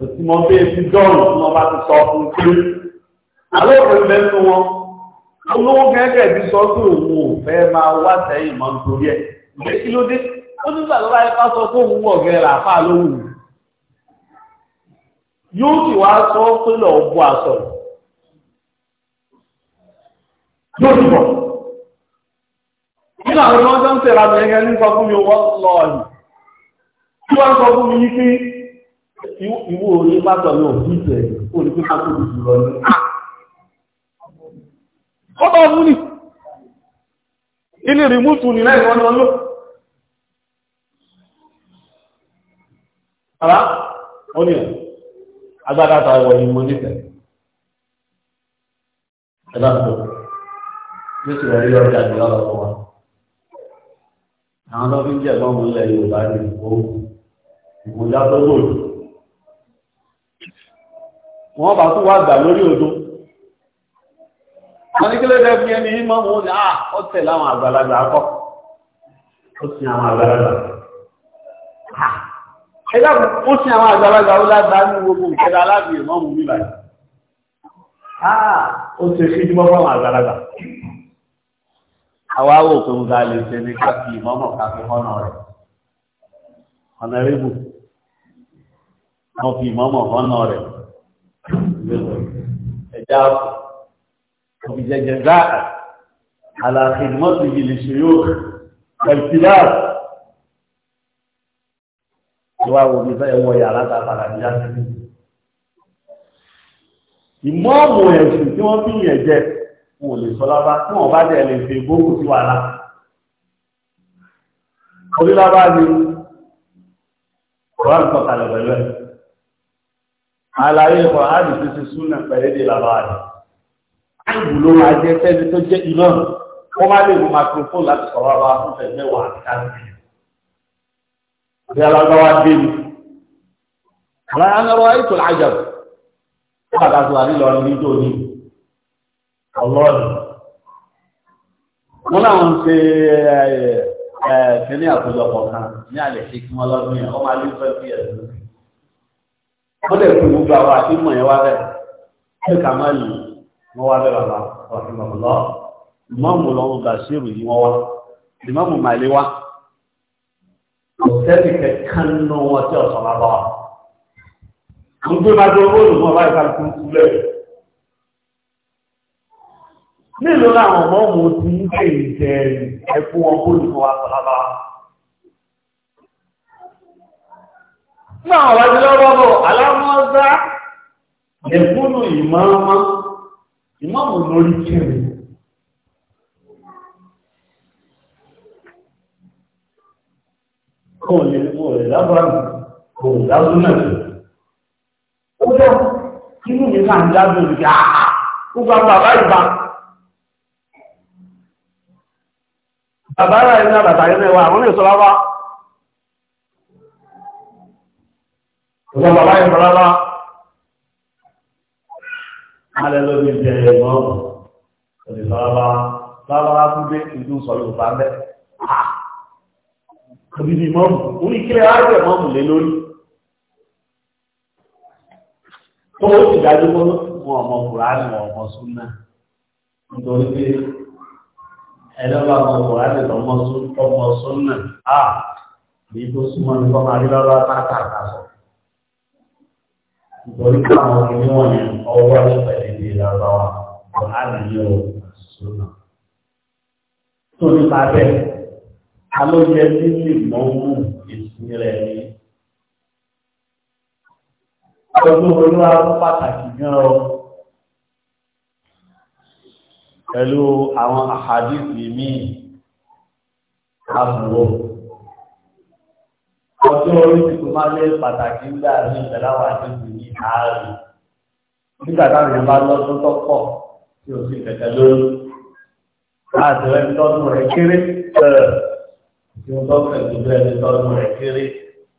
Òtí mo bẹ́ẹ̀ fi dọ́ọ̀nù tí wọ́n bá ti sọ fún pé àwọn òpin bẹ́ẹ̀ fún wọn. Olówó kẹ́kẹ́ bí sọ pé òun ò fẹ́ máa wá sẹ́yìn mọ́ nítorí ẹ̀. Ìgbé kí ló dé? Ó ní ìgbà tó bá yẹ ká sọ pé òun wọ̀ gẹ́ làáfà lóhùn. Yóò sì wá sọ pé lọ́ọ́ bu àṣọ. Yóò sì bọ̀ nínú àwọn ọmọ tó ń tẹ̀lá mi ẹgbẹ́ ní sọ fún mi wọ́n lọ yìí tí wọ́n sọ fún mi yí pé ìwọ orí pásọ̀ mi ò fi tẹ̀ kó ní pípa tó dùdù lọ ní. Ah! ó bá mú ni ilé rìmúùtù ní náà ìwọ́n lọ lọ. Àbá ó ní ẹ̀ agbádá ta ìwọ̀ ni mo nífẹ̀ẹ́. Ẹ bá ń bọ̀. Jésù rẹ̀ yóò jáde lọ́rọ̀ fún wa àwọn tó fi ń jẹ́ lọ́mọ ilẹ̀ Yorùbá ní ìgbòjá tó lòdì wọ́n bá tún wá gbà lórí odò wọ́n ní kílẹ̀ fẹ́ fi ẹni yí mọ́mú ní à ó tẹ̀ láwọn àgbàlagbà akọ́ ó sin àwọn àgbàlagbà ẹ̀dá ó sin àwọn àgbàlagbà ó lágbà ní gbogbo ìkẹta alábìyẹ mọ́mú níbàyí ó ti fi jùmọ́ fún àwọn àgbàlagbà àwa wò pé mo ga lè ṣe ní káfí ìmọ̀mọ̀ káfí mọ́nà rẹ̀ ọ̀nàrẹ́bù wọ́n fi ìmọ̀mọ̀ mọ́nà rẹ̀ ẹ̀dá òfin jẹjẹ záà àlàáfíà mọ́tò yìí lè ṣe yóò ẹ̀fìlá ìwà wo ni fẹ́ wọ yàrá ta padà ní yàtọ̀ ìmọ̀ọ̀mù ẹ̀sùn tí wọ́n fi yẹn jẹ́ wọn ò lè sọ lábá tí wọn bá dẹ̀ lè fi gbógun sí wàhálà orí lábá ni kòrán kọkàlẹ̀ pẹ̀lú ẹ̀ àlàyé ìkọ̀ áàdì tó ti súnà pẹ̀lú èdè lábá rẹ̀ áàdì ló máa jẹ́ tẹ́ni tó jẹ́ iná ó má lè mú microphone láti sọ̀rọ̀ àwọn afúnfẹ̀ mẹ́wàá káàkiri bí alágbáwá dé ni ọ̀rọ̀ ayánlọ́wọ́ ayé tó lájà ó bàtà tó wà nílọrin níjó ní ọlọ́run wọ́n láwọn ṣe kan ní àlẹ́ ṣe kí wọ́n lọ́dún yẹn wọ́n máa lé fẹ́ fi ẹ̀sùn wọ́n lè fi gbogbo àwọn àti mọ̀ yẹn wá má wá bàbá lọ ìmọ̀mù lọ́wọ́ yìí wọ́n wá ìmọ̀mù màlẹ́ wá nínú wọn tí ọ̀sán wọn gbé máa owó nílò láwọn ọmọ mo ti ń pè jẹ ẹkú wọn kó nìkan náà wájú lọ́wọ́ bọ̀ alámọ́sá ẹ̀kúnnù ìmọ̀ọ́mọ́ ìmọ̀ọ́mù lórí kẹrin. kò lè mú rẹ̀ lábàrù kò dá inú mi bàbá ìbá. bàbá rà àbàtà yẹn náà àwọn èso lábá ìwọ bàbá yẹn fọlábá alẹ́ ló ní jẹ ẹ̀gbọ́n òní fọlábá lábá tún dé ìdú sọ Yorùbá mẹ́ òdìdí mọ́mù orí kílẹ̀ àárẹ̀ mọ́mù lé lórí tó o sì dájú mọ́ ọmọ Kùránì ọmọ súnà nítorí pé ẹlọ́ba kan kò láti tọmọ tọmọ sọ́nà á bí tó súnmọ́ ní kọ́mọ adébábá tààtà àtàsọ. nítorí káwọn ọmọ wọn yẹn ọwọ́ ẹ̀ pẹ̀lú ìdí ìlànà wa kò láti yẹ o sọ́nà. tó nípa bẹ́ẹ̀ alóyè tí lè mọ́ mú ìsinmi rẹ̀ ní. ọdún olúwa pàtàkì gan-an pẹ̀lú àwọn àhàdìsì míì àbúrò ọjọ́ orí ti tó máa lé pàtàkì ńlá ní ìtẹ̀láwà àdìsì ní ààrẹ nígbà táwọn èèyàn bá lọ́dún tó pọ̀ tí ó sì kẹ̀kẹ́ lórí láti rẹ̀ tọ́dún rẹ̀ kéré tí ó tọ́dún rẹ̀ tó bẹ́ẹ̀ tọ́dún rẹ̀ kéré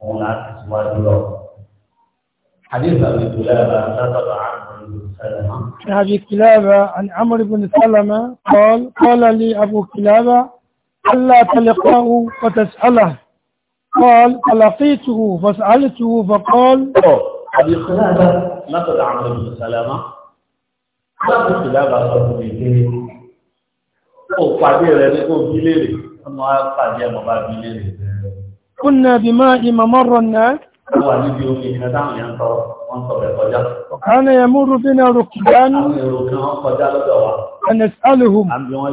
òun láti síwájú lọ. حديث أبي كلابة لا تضع عن أبي كلابة عن عمر بن سلمة قال قال لي أبو كلابة ألا تلقاه وتسأله قال فلقيته فسألته فقال أبي كلابة نقل عمر بن سلمة أبو كلابة صدقه أو فادي رأيكم بليلي أما فادي ما بليلي كنا بماء ممر الناس wà níbi omi ìrìnà táwọn èèyàn sọ wọ́n sọ rẹ̀ kọjá. Àwọn èèyàn múrú bí náà rò kìí dání. Àwọn èrò kan wọ́n kọjá lọ́dọ̀ wa. Ẹnẹ̀sì alìhùn. Àbí wọ́n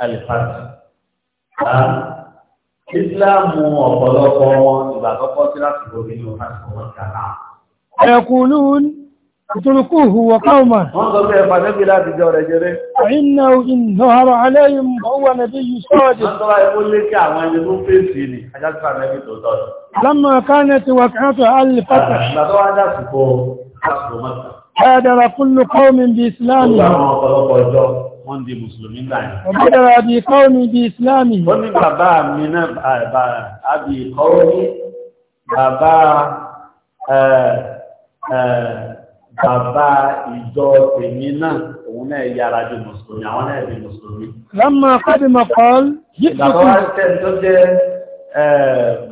alifati a ìsìláàmù ọ̀pọ̀lọpọ̀ wọn ìgbà àkọ́kọ́ tí láti gbogbo inú láti wọ́n ti àná. ẹ̀kùnlú ìtòrùkú ìhùwọ̀ káwọ̀mà. wọ́n sọ pé ẹ̀fà níbi láti jọ rẹ̀ jẹrẹ. ọ̀yìnà ìnáhàrọ̀ aláyìn ọwọ́ nàbí yìí sọ́ọ̀dì. wọ́n sọ́ra ẹ̀kọ́ lékè àwọn ẹni fèsì ni ajásíkà wọ́n di mùsùlùmí náà. ọ̀bí dára bí kọ́ mi bí ìsìláàmì. ó ní bàbá mi náà àbí kọ́ mi bàbá bàbá ìjọ tèmi náà òun náà yára di mùsùlùmí àwọn náà di mùsùlùmí. lámà kọ́bí mọ̀kọ́l. bàbá tó jẹ́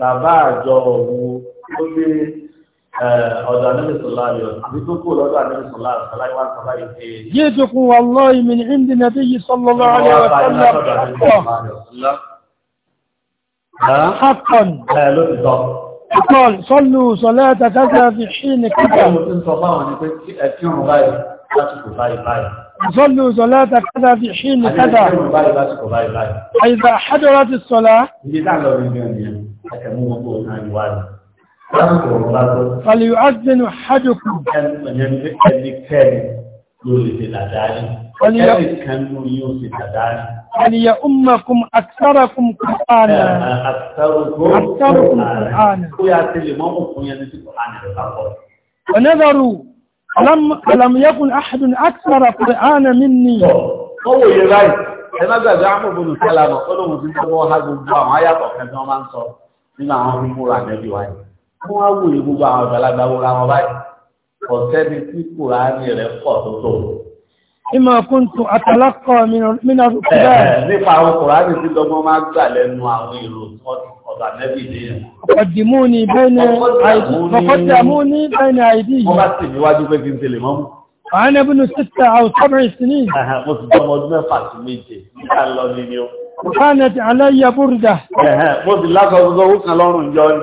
bàbá àjọ òun tó lé جئتكم آه، والله من عند النبي صلى الله عليه وسلم حقا قال صلوا صلاة كذا في حين كذا صلوا صلاة كذا في حين كذا إذا حضرت الصلاة فليؤذن أحدكم فليؤمكم أكثركم قرآنا أكثركم قرآنا ونذروا لم لم يكن أحد أكثر قرآنا مني هو يراي أنا ذا جامع بن سلامة قالوا مسلمون هذا الجامع يا بابا كنا ما نصور من عام مولى النبي وعليه wọ́n á wòye gbogbo àwọn àgbàlagbà wo ra wọn báyìí ọ̀sẹ́ni tí kùránì rẹ̀ pọ̀ tó tó. Ìmọ̀ kúntù àtàlákọ̀ mìíràn kúrẹ́. Nípa àwọn kùránì tí lọ́gbọ́n máa gbà lẹ́nu àwọn èrò ọ̀dà nẹ́bì ní ẹ̀. Ọ̀dìmú ni bẹ́ẹ̀ni àìdí yìí. Wọ́n bá sì níwájú pé kí n tẹ̀lé mọ́mú. Fàánẹ́ bínú sísà àwọn sọ́bìnrin sí ní. Mo ti jọmọ ọdún mẹ́fà sí méje nígbà lọ ní ni ó. Fàánẹ́ ti aláyà búrúdà. Mo ti lásọ̀ gbogbo orúkọ lọ́rùn jọ ni.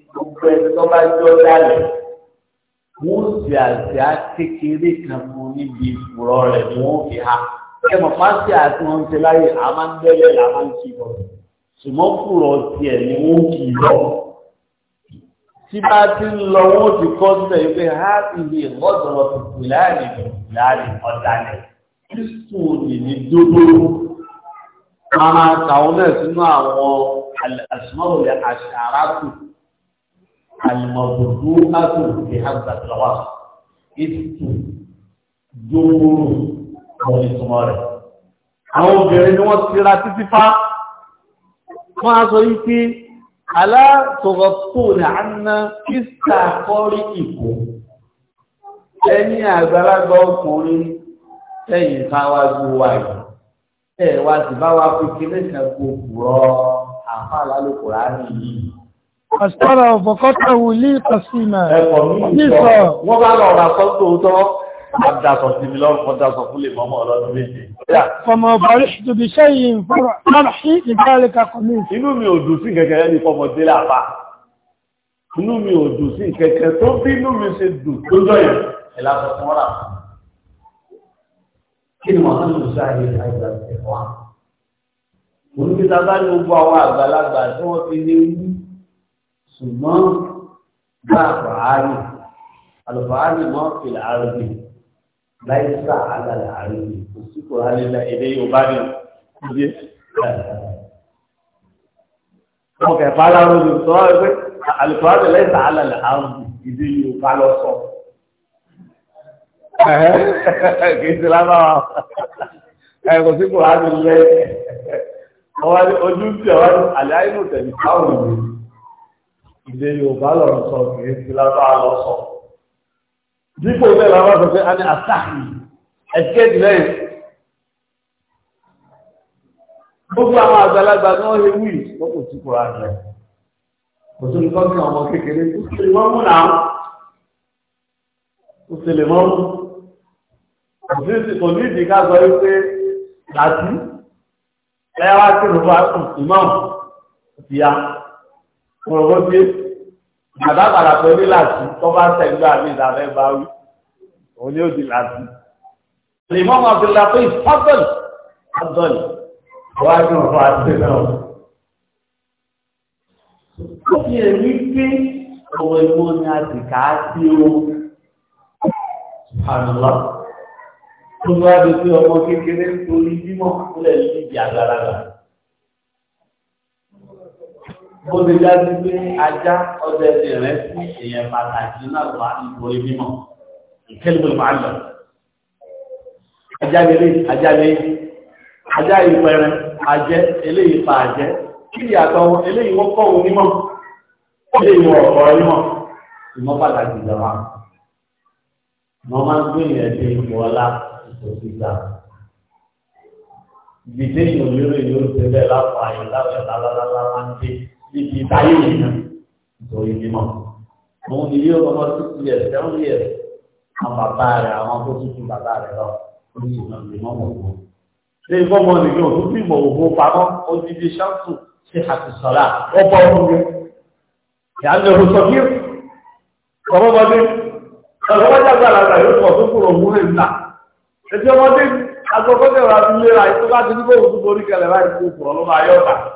gbogbo ẹni tó bá jọ dálẹ̀ wọ́n sì àṣà kékeré kan fún níbi ìfúrọ́ rẹ̀ ni wọ́n fi ha ẹ mọ̀ fásitì àti wọn ṣe láyè a máa ń gbẹ́lẹ̀ là máa ń kí lọ ṣùgbọ́n fúrọ̀ tiẹ̀ ni wọ́n kì í lọ tí bá ti ń lọ wọ́n ti kọ́ sílẹ̀ pé ha ìlú ìmọ̀sọ̀rọ̀ tuntun láàrin láàrin ọ̀dàlẹ̀ kristu òní ní dódó máa kàwọn náà sínú àwọn àṣìmọ́wòlẹ̀ àṣàrà tuntun alimọ̀dúdúhàtò ti hàgbà lọ́wọ́ ètò dókòrò ọ̀rọ̀ ìtumọ̀ rẹ̀. Àwọn obìnrin ni wọ́n ti ra títí fá. Wọ́n á sọ yí pé alátọ̀gọ̀tò rẹ̀ á ná kíṣà kọ́rí ìkó. Ẹni àgbàlagbà ọkùnrin ẹ̀yìn káwájú wa yìí. Ẹ wá sì bá wa fi kílẹ̀ kó kùrọ̀ àfáà lálùkùrá nìyí. Àṣàrà ọ̀fọ̀kọ́tàwò lè pàṣínà nípa. Wọ́n bá lọ ra sọ́tò tọ́, àdàsọ̀ sí mi lọ́rùn kan dàsọ̀ fún lè mọ́mọ́ ọlọ́dún méje. Fọmọ bàrí tóbi ṣẹ́yìn fọ́rọ̀ náà sí ìgbàlẹ̀ kakọ̀ mi. Inú mi ò dùn sí kẹ̀kẹ́ ní fọmọdé làbá. Inú mi ò dùn sí kẹ̀kẹ́ tó bí inú mi ṣe dùn tó jọ yẹn. Ẹ lásọ fún ọ́rà. Kí ni wọ́n á lò sáyé àgbà Oníkítà bá ní gbogbo àwọn àgbàlagbà tí wọ́n ti ní ṣùgbọ́n bá fàárì alùfàárì mọ́ fìlà àrùbí láìsà àgàlà àrùbí kò sí kò hálẹ̀ la èdè yorùbá ni ìdí wọn kẹ fà láwọn olùsọ ẹgbẹ alùfàárì láìsà àgàlà àrùbí ìdí yorùbá lọ sọ. kì í ṣe lábàá ẹ kò sí kò hálẹ̀ lẹ ojú ti ọ̀rọ̀ àlẹ́ àìmọ̀ tẹ̀lé fáwọn ènìyàn ìdè yorùbá lọ́rọ̀ sọ kìí ti lábá lọ sọ. dípò bẹ́ẹ̀ lábá sọ pé a ní àtàkì ẹ̀kẹ́dì lẹ́yìn. gbogbo àwọn àgbàlagbà ni wọ́n lè wí wọ́n kò tí kò rà rẹ̀. kò tó ní kọ́kí ọmọ kékeré ó sì lè mọ́ mú náà ó sì lè mọ́ mú. kò ní ìdí ká sọ wípé làtí ẹ wá kí ló bá ìmọ̀ ìyá. Ọ̀rọ̀ bọ́ sí bàbá padà pé ní làásì tó bá tẹ̀lé àmì ìdàbẹ́ bá wí òun ni ó di làásì. lèmọ́ máa fi la pé fọ́tọ̀lì fọ́tọ̀lì wá ní ọ̀rọ̀ àti náà. ó fi èmi pé ọ̀wọ̀ ìwọ ni a sì kà á sí o. àlọ́ tó bá di pé ọmọ kékeré ń torí bímọ kúlẹ̀ ní àgbàlagbà ó ti dájú pé ajá ọdẹ ti rẹ sí èèyàn pàtàkì náà wà nípò ìbímọ ìkẹlùmọ máa lọ ajá lélẹ̀ ajá lélẹ̀ ajá ìpẹrẹ ajẹ eléyìí pa ajẹ kí ni àtọ eléyìí wọn kọ òun nímọ eléyìí wọn ọkọ nímọ ìmọ̀ pàtàkì ìjọba wọn máa ń gbé ìyẹn dé ipò ọlá ìtòsíta ìdílé ìyọ̀lérò yóò ṣe bẹ́ẹ̀ lápò àyè lálálálá máa ń dé níbi ìtayé yìí náà nítorí mímọ́. Òun ni yóò lọ́mọ títí yẹ sẹ́wọ́n yẹ àwọn bàbá rẹ̀ àwọn tó tuntun bàbá rẹ̀ lọ ó sì lọ sí mọ́mọ́ ògbó. Ṣé ìfọ́mọ nìyẹn òtún fi ìmọ̀ ògbó pamọ́ odidi ṣáàtù ṣe àtìsọ́lá ó bọ́ ọdún rẹ̀. Ìyá ń lọ sọ kí ọmọdé ọ̀sọ́wọ́n jágbá àlàgbà yóò pọ̀ tó kúrò òun rẹ̀ ńlá. Ẹ̀sìn ọmọdé agbọ́kọ́jọ́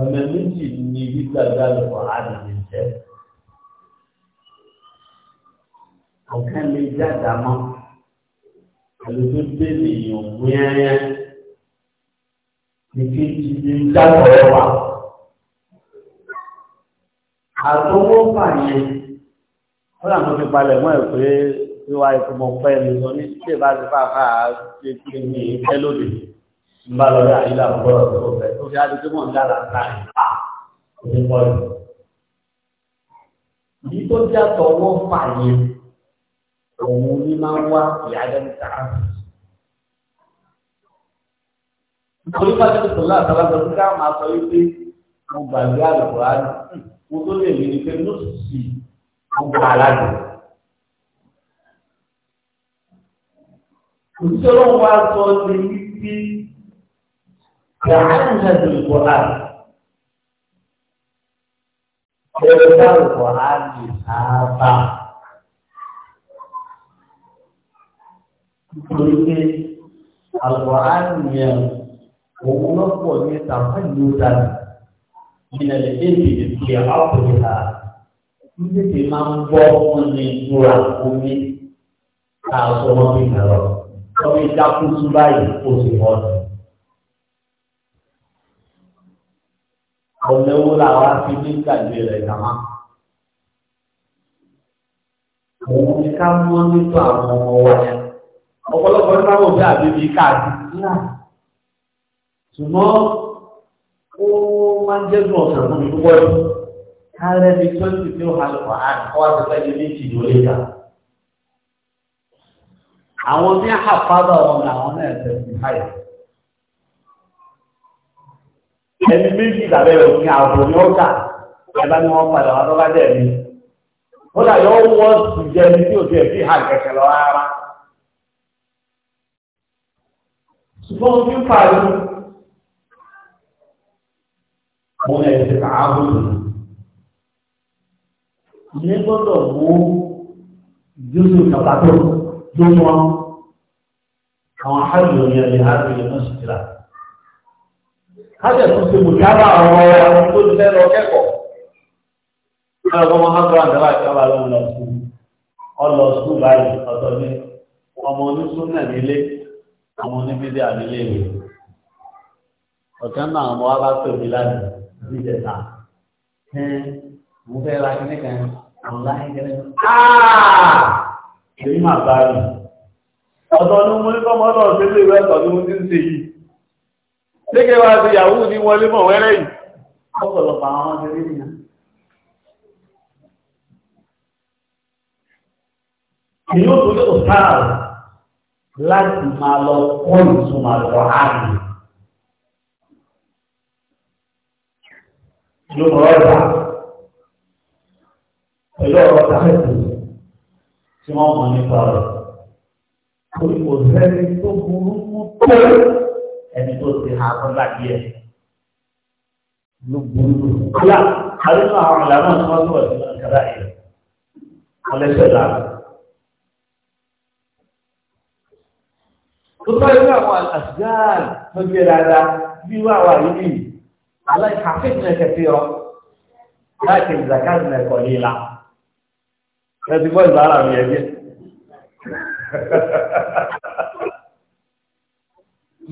ọ̀nà méjì ni gbígbàgbà lọ́wọ́ àdìmí jẹ́. ọ̀kan lè jáde mọ́ pẹ̀lú tó dé nìyẹn wíyányá ìkejì lè jáde ọ̀wà. àtọwọ́ fàyẹn wọ́n làwọn fi palẹ̀ mọ́ ẹ̀ pé wíwá ikú mọ̀ pẹ́ mi lọ ní tí èbá ti fà fà á ṣe kí ni ìfẹ́ lóde ń bá lọ rí àyílà ọgbọ́rọ̀ tó o fẹ́ tó fi adé tó mọ̀ ń dára láì pa òní pọ́lù. Ìdí tó já tọwọ́ fà yẹn òun ní máa ń wá ìyájọ́ ní sàrà. Nítorí pàṣẹ tó sọ̀rọ̀ àtàlà sọ pé ká máa sọ mo gbàgbé àlùkò á mo tó lè rí pé mo sì mo gbà á ládùn. Òṣìṣẹ́ ọlọ́run wá sọ ní wípé. تعلم القرآن Belajar Al-Quran di Sabah. Jadi Al-Quran yang umumnya punya tahayyudan minal ilmi di awalnya ini dimampu menyurat bumi tak semua tinggal. Kami tak kusubai posisi orang. ọ̀nà owó làwọn fi ní gbàgbé rẹ̀ kàmá. Àwọn ní ká mọ́ nípa àwọn ọmọ wa. Ọ̀pọ̀lọpọ̀ ní káwọn òbí àbíbí káàdì náà. Ṣùgbọ́n ó máa ń jẹ́ sùn ọ̀sán fún mi púpọ̀ yìí. Kárẹ́ ni twenty tí ó ha lọ́pọ̀ àná kọ́ wá sí pé méjì ló lè kà. Àwọn ní àfáàbà ọmọ làwọn náà tẹ̀sí báyìí. ẹni méjì tàbí ẹ̀rọ ní ààbò ní ọjà ẹ̀bá ni wọ́n padà wá lọ́ba dẹ̀ mí. ó dà yọ wọ́ sí jẹ́ tí òjò ẹ̀fí hà kẹ̀kẹ́ lọ rárá. ṣùgbọ́n ojú mo gbọ́dọ̀ mú Jésù kájẹ̀ tó ṣe kò jábà ọ̀rọ̀ tó ti lẹ́nu ọkẹ́kọ̀ọ́. Báyọ̀ kọ́ mọ́ Hákúrà Dàbà ìjọba ló ń lọ sí ọlọ sùn báyìí ọ̀tọ̀ ní ọmọ onísùn náà nílé ọmọ oníbídé ànílé rẹ̀. Ọ̀kẹ́ náà ọmọ wa bá tóbi lánàá níjẹta. Mo fẹ́ ra kíní kan àwọn láyé kẹrẹ. Èyí máa bá mi. Ọ̀tọ̀ ni mo ní kọ́ mọ́ lọ́ọ̀ sí ilé ìwé ẹ̀kọ́ mo ti ń ṣe yìí. Léke wá sí Yahoo ní wọlé mọ̀ wẹ́rẹ́ yìí. Ọ̀pọ̀lọpọ̀ àwọn ọmọdé rí nìyà. Èyí ò tó lè sáàrù láti máa lọ kọ́ ìtumọ̀ àlọ́ ààrùn. Ìlú ọ̀rọ̀ ọ̀dà pẹ̀lú ọ̀rọ̀ kàfẹ́tì tí wọ́n mọ̀ nípa rẹ̀. Kò ní kò sẹ́ni tó burú mú tó ẹni tó ti hàn fúngbà díẹ̀ ló burú kúlá àdínú àwọn ìlànà tí wọ́n lọ́wọ́ sínú ìkàrà yìí ọlẹ́sẹ̀ lára. tó tọ́ irú àwọn àṣìgáàlì tó gbé dáadáa bí irú àwọn àyíní aláìkàfíìsì kẹfì ọ láti ìzàkáàlì nẹ̀kọ̀ líla ẹ ti gbọ́ ìbára mi ẹgbẹ́. *laughs*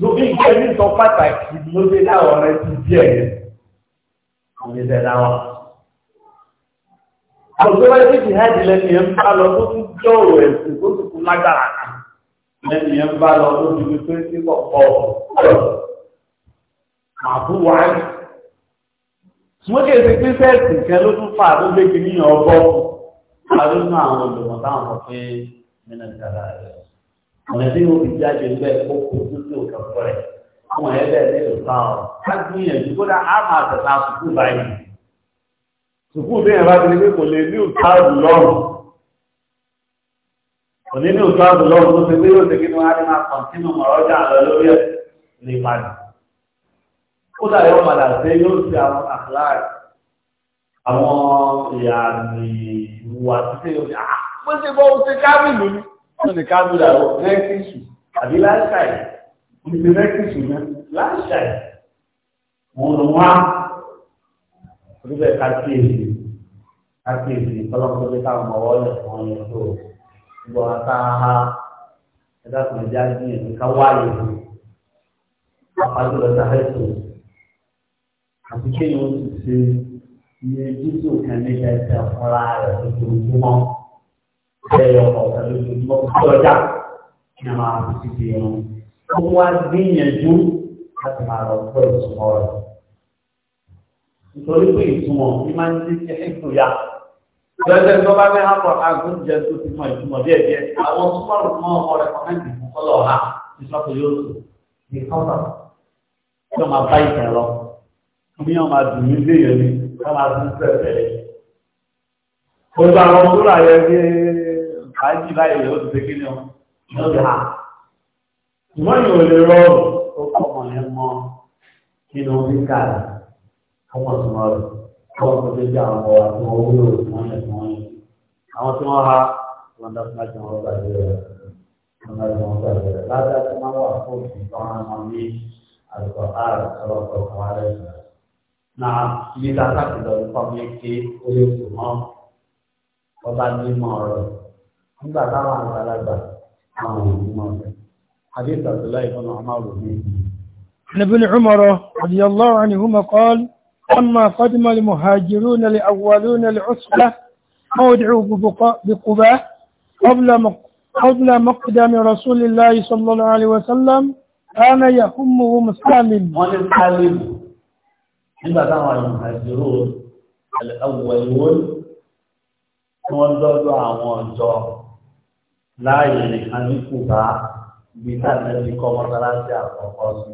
lóbi nǹkan ní sọ pàtàkì ló dé láwọn ọ̀rẹ́ ti díẹ̀ yẹn kò ní sẹ́ láwọn. àgbẹ̀wá sí jihadi lẹ́nu yẹn ń bá lọ tó tún jọ òwò ẹ̀sìn tó sì kú lágbára kan lẹ́nu yẹn ń bá lọ tó ti fi pé sí ọ̀pọ̀ àbúwá rẹ̀. sùmọ́kì èsì kírísẹ́ẹ̀sì kan ló tún fà á tó gbé kiri yàn ọgbọ́n. a ló àwọn olùmọ̀ táwọn sọ pé rẹ̀ ọ̀nà tí yóò fi jáde bẹ́ẹ̀ kó kó tó tó kọ̀ọ̀kọ̀ rẹ̀ àwọn ẹ̀ bẹ́ẹ̀ lè lọ́ta ọ̀ ká gbìyànjú kó dá àmà àtẹ̀tà sùkúù báyìí sùkúù bí ẹ̀rọ adìrẹ pé kò lè ní òtáàbù lọ́rùn kò ní ní òtáàbù lọ́rùn tó ti gbé yóò tẹ́kí ní wọn á ní máa kọ̀ǹtínú mọ̀rọ́jà lọ lórí ẹ̀ lè padà ó dàbí padà sí yóò ti àwọn àkàláàrì àwọn ìyàmì ìwà títí yóò ti ah, ká wọ́n ti ká múlẹ̀ ọ̀ lẹ́kìsù àbí láṣàì ìpè lẹ́kìsù náà láṣàì wọ́n lọ wá orílẹ̀ kákíyèsí kákíyèsí ọlọ́pàá tó káwọn ọwọ́ yẹn fún ọ yẹn tó gbọ́ àtàhà ẹ̀dá tó ń já sí ẹ̀mí ká wáyé apájọ́ lọ́tà ẹ̀sùn àti kéèyàn ó ti ṣe iye jíjù kan ní ẹsẹ̀ fúnra rẹ̀ lójoojúmọ́ ẹyọ ọ̀sán lójoojúmọ́ ọjọ́jà kí a máa fi ti irun ó wá gbìyànjú láti máa lọ gbọ́ ìtumọ̀ rẹ̀ nítorí pé ìtumọ̀ ní máa ń ní kí ya lọ́jọ́ tó bá fẹ́ hàpọ̀ agúnjẹ tó ti mọ ìtumọ̀ díẹ̀ díẹ̀ àwọn túmọ̀ rẹ̀ mọ́ ọmọ rẹ̀ kọ́mẹ́ntì fún kọ́lọ̀ ha ní sọ́kò yóò sọ ní kọ́lọ̀ tí wọ́n máa bá ìtẹ̀ lọ bí wọ́n máa dùn ní léèyàn àájì báyìí ló ti tẹ́kí ní ọ lọ́dà ìwọ́n yóò lè rọrùn ó kọ́ ọmọ yẹn mọ́ kí ni wọ́n fi kà á àwọn ọ̀sùnmọ́ rẹ̀ kọ́ ọ̀sùn tó jẹ́ àwọn ọ̀rọ̀ àti wọn wúlò wọn lẹ̀ fún wọn yìí àwọn tí wọ́n ha wọn dá fún àjọ wọn gbàgbé rẹ̀ wọn dá fún wọn gbàgbé rẹ̀ ládàá tí wọ́n wà fún òsì tó wọn mọ ní àlùkò àrùn ọlọ́kọ̀ kan wá lẹ́yìn rẹ̀ náà ilé tá a sàkìlọ̀ nípa mi ké ó lè sùn mọ́ ọba ní mọ́ ọ̀rọ̀ حديث عبد الله بن عمر عن ابن عمر رضي الله عنهما قال لما قدم المهاجرون الأولون العصبه موضعوا بقباء قبل قبل مقدم رسول الله صلى الله عليه وسلم كان يهمهم سالم سالم عندما táwọn المهاجرون الاولون tí الدعاء dọ́dọ̀ láàyè nìkan ní kùbá ibi táwọn ẹni kọ́ mọ́sálásí àkọ́kọ́ sí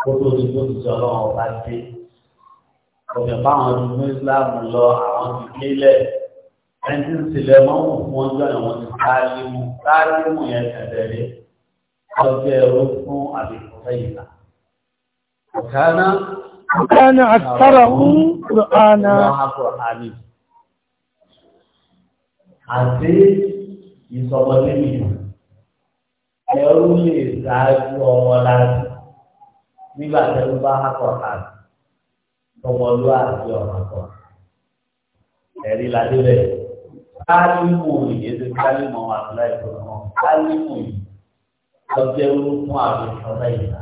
kó tó ti tó ti sọ̀rọ̀ ọba dé ọ̀gbìn báwọn ọdún Islam lọ àwọn ti délẹ̀ ẹni tí ń tilẹ̀ mọ́wọ́ fún ọjọ́ ìwọ̀n ti táàlímù táàlímù yẹn kẹ̀dẹ̀rẹ́ ọjọ́ ẹ̀rọ fún àbíkọ́ fẹ́yìnà. ọ̀kánà ọ̀kánà àtàrà fún Kùránà. àti ìsọmọlẹ́yìn ẹ̀rú lè ṣáájú ọmọ láti nígbà tí ẹ̀rú bá akọ̀ àti tọmọlú àti ọ̀nà kan ẹ̀rí la dé bẹ́ẹ̀ kálímù yìí ẹsẹ̀ kálímù ọmọ àti láìpẹ́ ọmọ kálímù yìí lọ́jọ́ ewu fún àwọn ìṣọ̀lá ìlà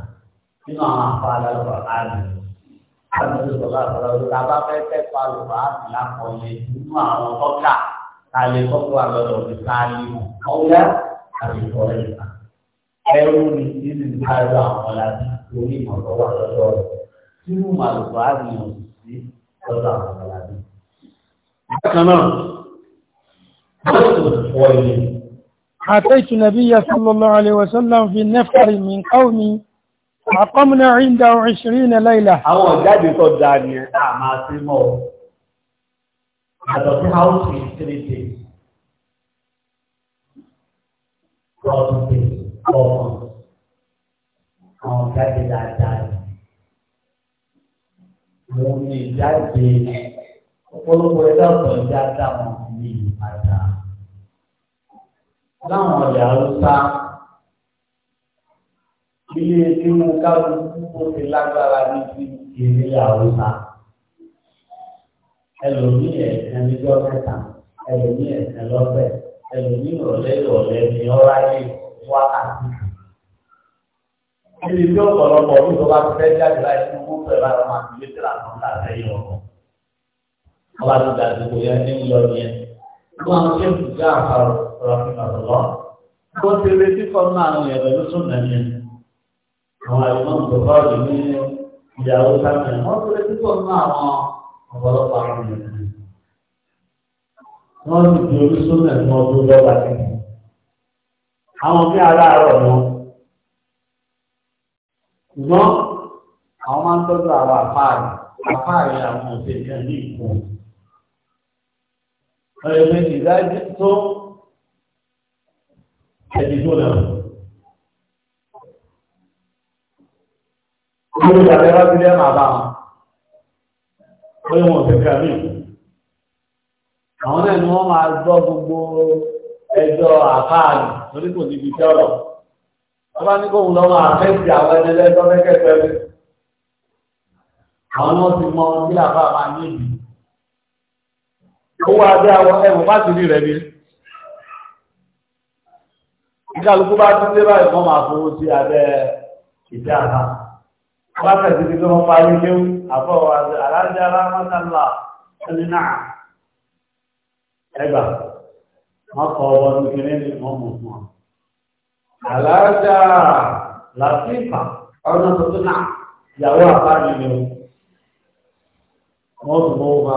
nínú àwọn afọ alárùbá àmì àmì ìṣọ̀lá àtàlà òṣèlú abáfẹ́ kẹ́kọ̀ọ́ àlùbá àti lápọ̀ yẹn nínú àwọn ọ̀gá àlè kọ́kọ́ àlọ́dọ̀ ti ká nínú ọ̀gá àlùkò rẹ̀ ta. ẹrú ni ìlú ìdájọ́ àwọn ọ̀làdí lórí ìmọ̀tọ́ wà lọ́dọ̀ rẹ̀ sínú màlúkọ àgbìyàn sí lọ́dọ̀ àwọn ọ̀làdí. bákan náà wọ́n ti fọ ilé. أتيت النبي صلى الله عليه وسلم في نفر من قومي فأقمنا عنده عشرين ليلة. أو جابي قد أعمى سمو àtọ̀ house in three days fourteen days four months àwọn jáde dáadáa mo ní jáde ọ̀pọ̀lọpọ̀ ẹgbẹ́ ọ̀pọ̀ ẹgbẹ́ àdàmọ̀ ní ìbàdà láwọn ọ̀yà haúsá ilé tí mo ká tó ti lágbára ní ti ìrìnlẹ̀ haúsá ẹlòmí ẹ̀sìn níjọ́ mẹ́ta ẹlòmí ẹ̀sìn lọ́sẹ̀ ẹlòmí ìrọ̀lẹ́ ìrọ̀lẹ́ ni ọ̀ráyè wákàtí. níbi tí ọ̀pọ̀lọpọ̀ ọdún tó bá ti fẹ́ jáde láì fún wọn pẹ̀lú àwọn àtúnyẹ tí làwọn ń tàbí ẹ̀yìn ọ̀rọ̀. ọba ti dàgbé kò yẹ ní lọ yẹn. wọn àwọn ṣé kù já àfàrò ọ̀rọ̀ fi o lọ. kó ti retí fọ́nmọ́ àwọn ẹ̀rọ ló sùn nàní. àwọn àìmọ́ ọ̀pọ̀lọpọ̀ àwọn ènìyàn Wọ́n ti di orísọ́nà ní ọdún lọ́wọ́ àti àwọn bí aláàárọ̀ wọn. Ṣùgbọ́n àwọn máa ń tọ́jú àwọn àfáàrí, àfáàrí àwọn òṣèlú kan ní ìkó. Ọ̀rẹ́ mi ìdájú tó ẹni tó náà. Olùdàbẹ̀rẹ̀ bí lẹ́nu àbáwọn bóyá wọn fẹ́ kàmí. Àwọn náà ni wọ́n máa gbọ́ gbogbo ẹjọ́ àkáàlì torí kò níbi tí ọ̀rọ̀. Wọ́n bá ní kóhun lọ́wọ́ àfẹ́sì àwọn ẹni lẹ́jọ́ mẹ́kẹ́kẹ́ rẹ̀. Àwọn náà ti mọ ohun tí àbá máa ní ìdí. Owó abẹ́ àwọn ẹ̀wọ̀n bá ti rí rẹ̀ ni. Ìkàlùkù bá ti dé báyìí wọ́n máa fowó sí abẹ́ ìdí àbá wákàtí tí kí wọ́n parí léwu àfọwọ́ aláàjì aláàmọ́sálà ẹni náà ẹgbà wọ́n kọ ọwọ́ nìkiri ní wọ́n mọ̀ fún ọ. aláàjì làfíìfà ọ̀nà tuntun náà ìyàwó àbáyé ni o. wọ́n tún mọ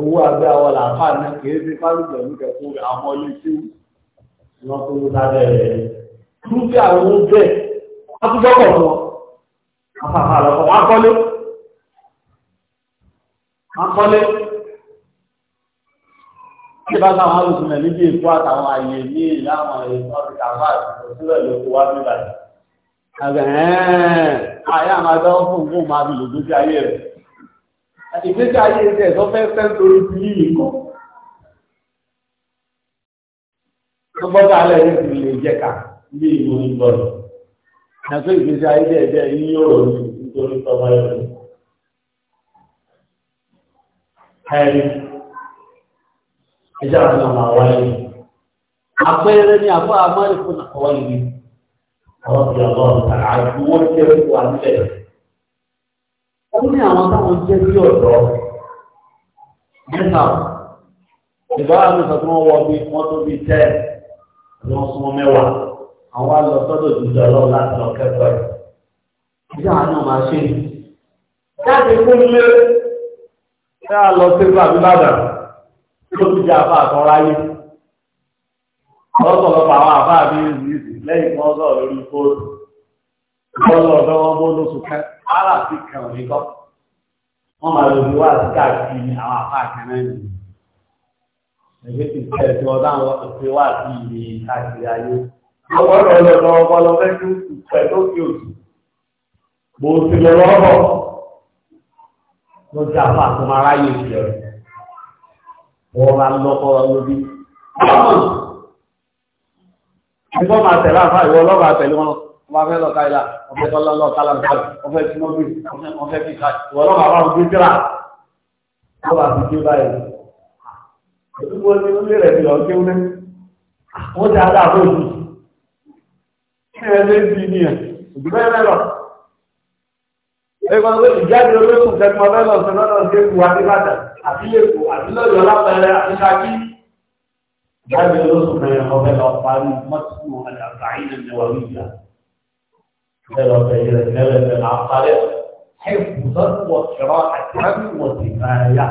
owó àgbẹ̀ àwọn làfáà náà kì í fi pálíjọ nígbà fún àwọn ọlé tí wọ́n tó ń sábẹ́ rẹ̀. dúkìá owó bẹ́ẹ̀ wọ́n tún gbọ́kọ̀ fún ọ. àfàfà lọ́pọ̀ wọ́n kọ́lé wọ́n kọ́lé tí bá níbi àtàwọn àyè ní lóko wá yìí ẹ̀ẹ́n fún fún máa fi sí ayé rẹ̀ ìgbésí ayé fẹ́ fẹ́ torí ti yí nìkan alẹ́ lè ká Nàtó ìgbésí ayé dẹ̀ẹ̀dẹ̀ yí yóò rò ní nítorí tọ́ba ẹ̀rọ. Ẹ̀rí ẹjọ́ àwọn ọmọ àwa yìí. Àpẹẹrẹ ni àpá àmọ́rí fún àwa yìí. Àwọn ọ̀gá ọ̀gá ọ̀gá àti wọ́n jẹ́ wà nílẹ̀. Ó ní àwọn táwọn jẹ́ bí ọ̀dọ́. Mẹ́ta ìbára mi sọ pé wọ́n wọ bí wọ́n tó bí tẹ́ẹ̀ àti wọ́n súnmọ́ mẹ́wàá àwọn alọ sọ́dọ̀ ìdíjọ lọ kẹ́kọ̀ọ́ ẹ̀. Ìjọ àánú máa ṣe. Jáde fún lé ṣé a lọ sí ìgbà bíbàdà tó ti jẹ àbá àtọ́ráyé. Ọlọ́pọ̀lọpọ̀ àwọn àbá mi rìndì lẹ́yìn mọ́ ọ̀dọ́ lórí fóònù. Ọlọ́ ọ̀dọ́ wọn bó lóṣù kẹ́ ara sí kàn mí kọ́. Wọ́n máa lòdì wá sí káàkiri àwọn àbá àkànnà yìí. Ẹgbẹ́ ti tẹ̀ sí ọ̀dọ́ àwọn ọ̀sẹ̀ wá sí ìrìn káàkiri ayé àwọn ọ̀rọ̀ lọ lọ ọmọ lọ fẹ́ kí oṣù pẹ̀lú òkè oṣù mo sì lọ lọ́rọ̀ mo jà fà tó máa ráyè ìṣẹ̀ wọ́n ra lọ́kọ́ lóbi. ẹgbọ́n máa tẹ̀lé àfáà ìwọ ọlọ́run àtẹ̀lé wọn ọba fẹ́ lọ́ka ìlà ọfẹ́ tọ́lá lọ́ka làbẹ́rẹ́ ọfẹ́ tìmọ́bì ọfẹ́ kíkà ìwọ ọlọ́run àwọn ọdún jẹ́ra ọba fi dé báyìí. òtún wọn ni ó lè rẹ̀ bí lọ́ọ́ kéwú náà wọ́n ti adá àbójú ẹ̀rẹ́ bí ní ẹ̀ ìdúbẹ́rẹ́ lọ. Ẹgbọ́n pé ìjáde olóṣù tẹ́kọ̀ lọ́nà sí lọ́nà sí èkó àdíbàdà àti èkó àti lọ́yọ̀ lápẹẹrẹ àti ṣáájú. Ìjáde olóṣù fẹ́yẹ ọbẹ̀ lọ parí mọ́tìkù àdàbà ìlẹ̀ mẹ́wàá wíjà. Bẹ́ẹ̀ lọ bẹ̀yẹ rẹ̀ lẹ́rẹ̀ bẹ̀ máa parẹ́. Ẹ̀kú sọ́tọ̀ ṣọ́rọ̀ àti wọ̀tì káyà.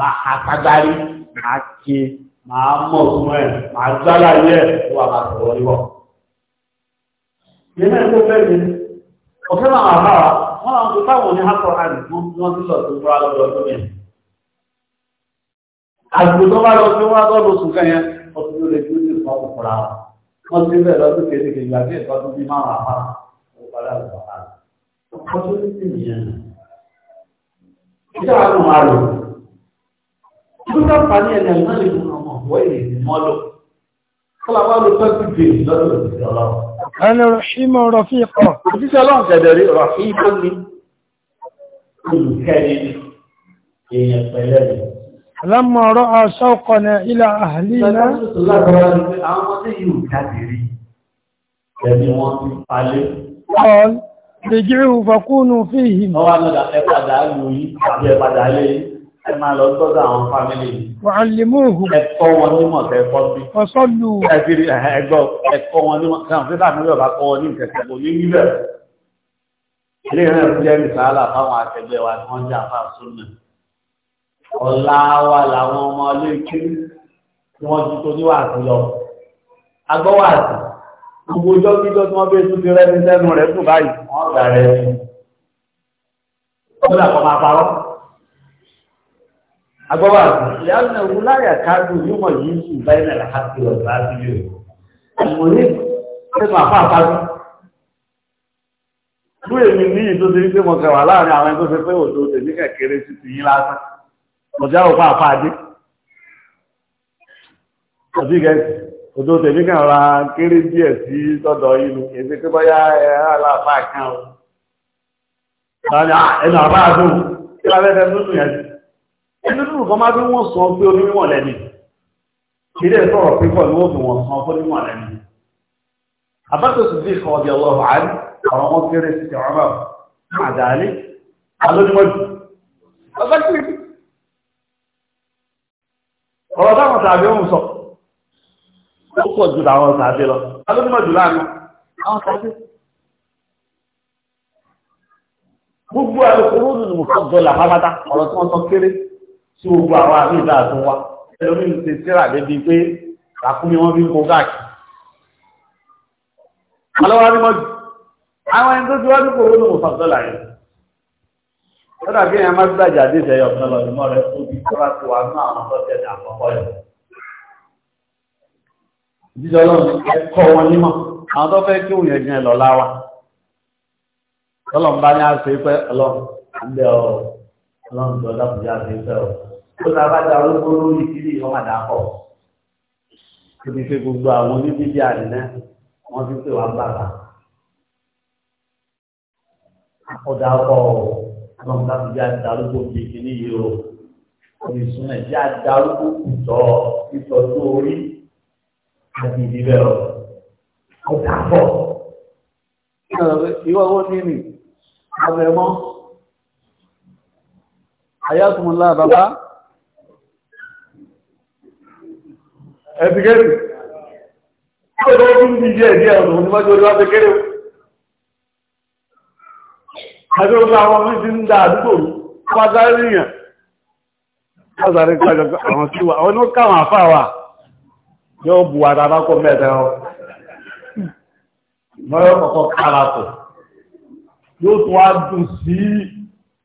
Máa àtagbárí, máa ké, máa mọ̀ yẹn àgbò tó bá lọ sí wọn lọ́dọ̀ oṣù kan yẹn lè dúró ní ti bẹ̀ lọ́dún kéékèèké ìgbà tí lọ bá ọtí ló sì nìyẹn ìjà àwọn ọmọ àlò tó dábàá ní ẹni àlùmọ́ lè mú ọmọ ọ̀wọ́ ìrìn Ẹni rọ̀ṣímọ̀ rọ̀fíkọ̀. Òjíṣẹ́ ọlọ́run kẹ̀dẹ̀rí rọ̀fíkọ̀ ní olùkẹ́rí èèyàn pẹ̀lẹ́ rẹ̀. Lámọ̀ ọ̀rọ̀ aṣọ́kọ̀ ní ilẹ̀ àhàlì náà. Ọl, lè jẹ́ ìhùfàkúnù fi ìhìn. àwọn fámílì yìí. Wàhálìmúhù. Ẹ̀kọ́ wọn nímọ̀ tẹ́kọ́ bí. Ọ̀sọ́lù. Ẹ̀fìrí ẹ̀gbọ́ ẹ̀kọ́ wọn nímọ̀ tẹ́kọ́ sí láàmú yọ̀bá kọ́ wọn ní ìkẹ̀kẹ́ kò ní níbẹ̀. Ilé náà jẹ́ ìsàálà fáwọn akẹgbẹ́ wa tí wọ́n jẹ́ àfà súnmù. Ọ̀la wa làwọn ọmọ ilé kí tí wọ́n ti tó níwàásù lọ. Agbọ́wàásù. Gbogbo ọjọ́ kíjọ́ tí wọ́n bẹ́ẹ̀ tún rẹ́ ní sẹ́nu rẹ̀ fún báyìí, wọ́n gbà rẹ̀. Ó agbọ́bà lẹ́yìn ẹ̀wù láyà káàdùn yóò mọ̀ yìí sùn báyìí náà láti lọ bá sí yóò àmọ́ ní ẹnu àpá àpájú fún èmi ní ìtò ti rí pé mo kẹwà láàrin àwọn ẹgbẹ́ fẹ́ pé òjò tèmi kẹ̀kẹ́rẹ́ sí ti yín lásán mo òpá àpá adé ni èmi pé bọ́yá ẹ̀ ẹ́ aláàfáà kan o ẹnu àpá àdùn kí lábẹ́ fẹ́ tó ẹni dúró kan máa bí wọ́n sọ pé onímọ̀ lẹ́ni ilé sọ̀rọ̀ pípọ̀ ni wọ́n fi wọ́n sọ pé onímọ̀ lẹ́ni abájọ sì bí ìkọ̀ ọ̀dẹ̀ ọlọ́rọ̀ àárí àwọn ọmọ kéré sí ti ọ̀rọ̀ àdáálé alónímọ̀jù ọ̀rọ̀ táwọn tàbí òun sọ ó pọ̀ ju àwọn tàbí lọ alónímọ̀jù láàánú àwọn tàbí gbogbo àlùkò rúdùn mùsọ̀dọ̀là pátá ọ̀rọ̀ tí wọ́n sọ kéré sí gbogbo àwọn àmì ìdá àtún wa ẹlòmí ń ṣe síra débi pé àkúnmí wọn fi ń kó káàkiri. alọ́wọ́ ní mọ́jú àwọn ẹni tó ti wá nípò owó ní mo sọ̀tọ́ láyé lọ́dà bí ẹ̀yàn máa gbàjà dé ìṣẹ̀yọ̀ kan lọ ìmọ̀ rẹ̀ tó bí kọ́lá tó wà ní àwọn tọ́tẹ̀ ní àkọ́kọ́ yẹn. jíjọ lọ́nà ẹ̀kọ́ wọn nímọ̀ àwọn tó fẹ́ kí òun yẹn jẹ́ lọ́lá wa. bá ní àṣẹ pẹ́ ọlọ́run àbẹ̀ ọlọ́run tó lọ́kùnrin àti ìfẹ́ o tó ta bá da olóko lórí ìdílé ọmọ àdàkọ tó ti fi gbogbo àwọn oníbíbí àdínẹ́ wọ́n ti pè wá bàbá ọ̀dà ọkọ̀ ọlọ́run láti bí àti darúgbó bíi kìíní yìí o omi súnmọ́ ẹ̀ bí àti darúgbó kù ìtọ́jú orí àti ìdílé o ọ̀dà ọkọ̀ ìwọ owó nínú abẹ́mọ́ àyàtùmùlá bàbá ẹ̀tìkẹ́tì ọjọ́ ọdún ti jẹ́ ẹ̀dí ẹ̀rùn ní mọ́jọ́ ọjọ́ afẹ́kẹ́rẹ́ àjọ́ ọjọ́ àwọn ọmọ ti ń dá àdúgbò pàtàríyàn pàtàrí pàtàrí àwọn tí wà àwọn ní ó káwọn àfáwà yóò bù àtàbákọ̀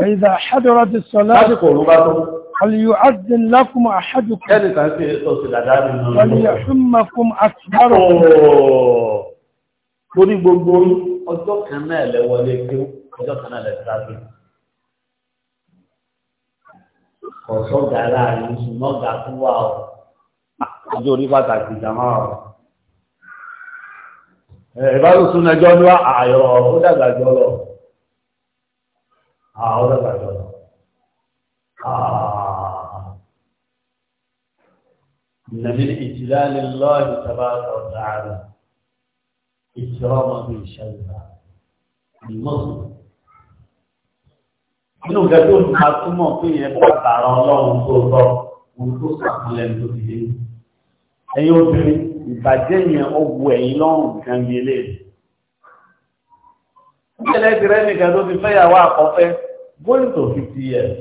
فإذا حضرت الصلاة فليؤذن لكم أحدكم فليحمكم أكبركم Torí gbogbo ọjọ́ kan náà lẹ wọlé kí ọjọ́ kan náà lẹ sáájú. Ọ̀ṣọ́gà láàrin ṣùgbọ́gà tó wà ọ̀. Ọjọ́ orí pàtàkì ìjàmá ọ̀. Ẹ̀bá ló súnmọ́ ẹjọ́ ní ààyọ̀ ó dàgbà jọ lọ. 好的，大哥。啊，من الإجلال الله تبارك وتعالى إكراما بالشيطان المظلم inú gẹ́gẹ́ tó máa túmọ̀ pé yẹn bá tààrà ọlọ́run tó tọ́ ohun tó sàkúnlẹ̀ tó ti dé ẹ̀yin obìnrin ìbàjẹ́ yẹn ó wu ẹ̀yin lọ́rùn gan yẹlé ìṣẹ̀lẹ̀ tìrẹ́ nìkan tó ti fẹ́yàwó àkọ́fẹ́ going to fifty years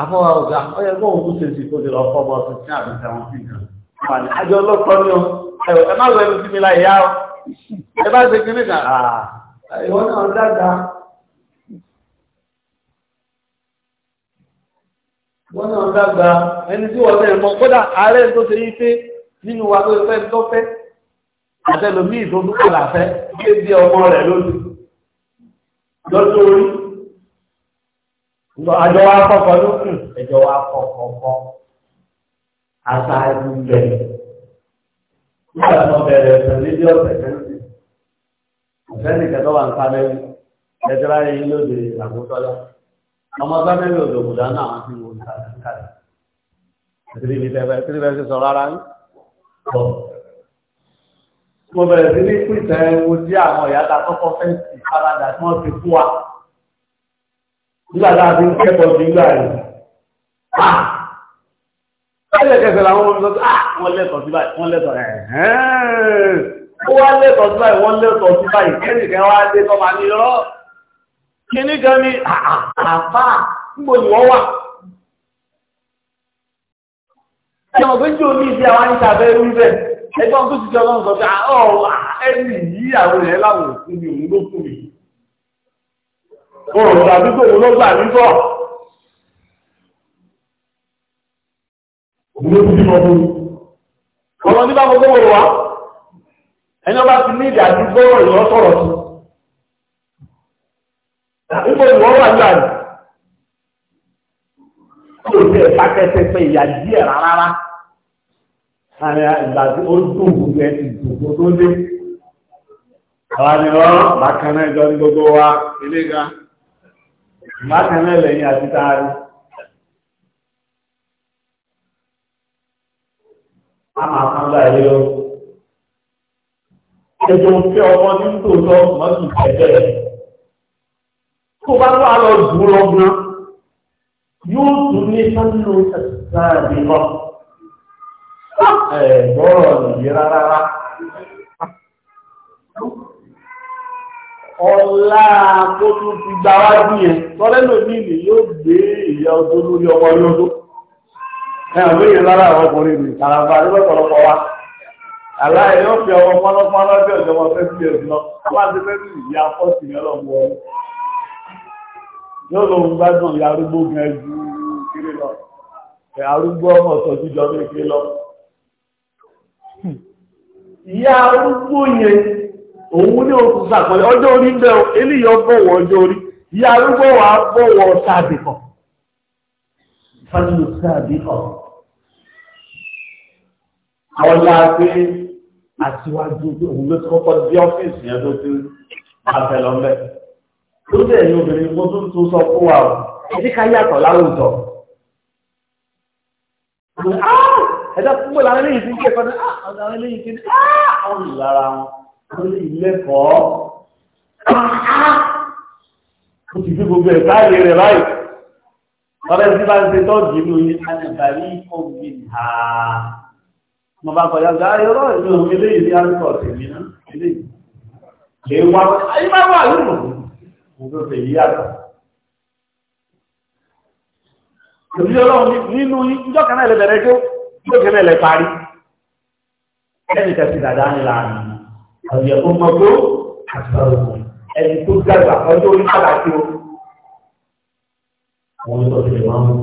àfọwọ́ ọ̀gá ọ̀yẹ kó òun tún ṣe sí kó lè lọ fọ́ ọmọ tuntun àti seventeen kan àmàlẹ́ àjọ ọlọ́kọ́ ni ó ẹ má wẹ̀rù sí mi láyé yá ọ ẹ bá ṣe kíní kan ìwọ náà dáadáa. wọ́n náà dágbà ẹni tí wọ́n tẹ́lẹ̀ mọ́ kódà ààrẹ tó ṣe yí pé nínú wa tó fẹ́ tó fẹ́ àtẹlòmíì tó dúkọ̀ làfẹ́ gbé bí ọmọ rẹ̀ lónìí lọ́jọ́ orí àjọ wa kọ́kọ́ ló kù ẹ̀jọ̀ wa kọ́kọ́ kọ́ aṣáájú bẹ̀. Nígbà tó bẹ̀rẹ̀ ẹ̀sẹ̀ níbi ọ̀sẹ̀ kẹ́sì, ọ̀sẹ̀ni kẹ́tọ́ wà ń sáré ẹ̀dẹ́rà yìí lóde àgùntọ́lá. Ọmọ sábẹ́rì òdò òdà náà wọ́n ti wò ní àdàkàdà. Àtìrí ibi tẹ́fẹ́ tí bẹ́ẹ̀ ti sọ rárá ń bọ̀. Mo bẹ̀rẹ̀ sí ní pìtẹ́ wo sí àwọn ìyá ta kọ́kọ́ fẹ́ǹsì farada tí wọ́n ti fún wa nígbà tá a fi ń kẹ́kọ̀ọ́ sí nígbà rẹ̀ ẹlẹ́kẹsẹ̀ làwọn ọmọ sọ wọ́n lẹ́tọ̀ọ́ sí báyìí wọ́n lẹ́tọ̀ọ́ ẹ̀hẹ́n ó wá lẹ́tọ̀ọ́ sí báyìí wọ́n lẹ́tọ̀ọ́ sí báyìí kẹ́nìkẹ́ wá dé tọ́ máa ní rọ́ kíní kan ní àfà níbo ni wọ́n wà. ẹ̀yìn ọ̀gbẹ́ jù omi ìdí àwọn àyíká abẹ́ rí bẹ́ẹ̀ ẹgbẹ́ ọ̀gbẹ́ tuntun ọlọ́run sọ pé ẹni yìí àwọn ẹ̀ láwọn òkú mi òun ló kú mi òun gbà ló gbà mí gbọ́. Òun gbogbo wò wá. Ẹni ọba ti ní ìdí àti gbọ́rọ̀ ìlọ sọ̀rọ̀ sí. Nígbà ìwọ wà ní àná. Kí o ti ẹ̀ pé ìyá díẹ̀ rárá. Àrẹ ìgbà ó dùn gbogbo ẹ̀ ti dùn tó dé. Àwọn àni ọ́ bákan náà ìjọ ní gbogbo wa ilé ga. Mákànlẹ̀ lẹ́yìn àti táàrí. A máa kán bá ilé o. Ẹjọ́ fẹ́ ọmọ ní tòótọ́ mọ́tò tẹ̀lé. Tó bá wà lọ dùn lọ́gbọ́n, yóò tún ní sánú sáàbì lọ. Ẹ̀gbọ́n ìyẹ́ rárá ọlá tó tún ti gba wájú yẹn tọ́lẹ́lò ní ilé yóò gbé ìyá ọdún lórí ọmọ lọ́dún ẹ ò lóye lára àwọn ọkùnrin mi kàràbà ló lọ́pọ̀lọpọ̀ wa aláì yóò fi ọmọ pọ́nlọ́pọ́nlọ́ bí ọ̀dọ́ wọn fẹ́ẹ́ fi ẹ̀sìn lọ wọ́n á ti fẹ́ẹ́ fi ìyá fọ́ọ̀sì yẹn lọ́mọ ọ yóò lòun gbádùn ìyá arúgbó gan ju kiri lọ ẹ̀ arúgbó ọmọ sọ̀tún jọ kékeré lọ ìyá arúgbó yẹn òun ní oṣù sàkọlẹ̀ ọjọ́ orí ń bẹ o eléyìí ọgbọ̀wọ̀ ọjọ́ orí ìyá arúgbó wa bọ̀wọ̀ sáàbì kan fásitì sáàbì kan àwọn ìyá pé àtiwájú òun ló ti kọ́kọ́ dé ọ́fíìsì yẹn tó ti àfẹlọ́mẹ́ tó dẹ̀ ní obìnrin mo tún tún sọ fún wa o ẹ̀dí ká yàtọ̀ láwùjọ ah! ẹ̀dá fún mi làwọn eléyìí ti ń kẹfẹ́ ní àwọn eléyìí ti ń ah! àwọn ìlara wọn àwọn ìlẹ́kọ̀ọ́ ó ti fi gbogbo ẹ̀ka ìlẹ̀ rẹ̀ báyìí ọ̀rẹ́ tí bá ń ṣe tọ́jú inú yín alẹ́bàárí omi ha mo bá kọjá sí ayé ọ̀rọ̀ ìlú omi eléyìí ní arúgbó ọ̀sẹ̀ mi ná eléyìí lè wá ayé máa wà lónìí mo tó fẹ́ yí àgbà. Òbí ọlọ́run nínú ìjọ kan náà jó, ìjọ kan náà parí. Ẹnì kẹsì dàda ńlá ni. ọ̀yẹ̀ tó mọ tó àtàwọn ẹni tó dàgbà ọjọ́ orí padà sí o. Àwọn ìtọ́ ti lè máa mú.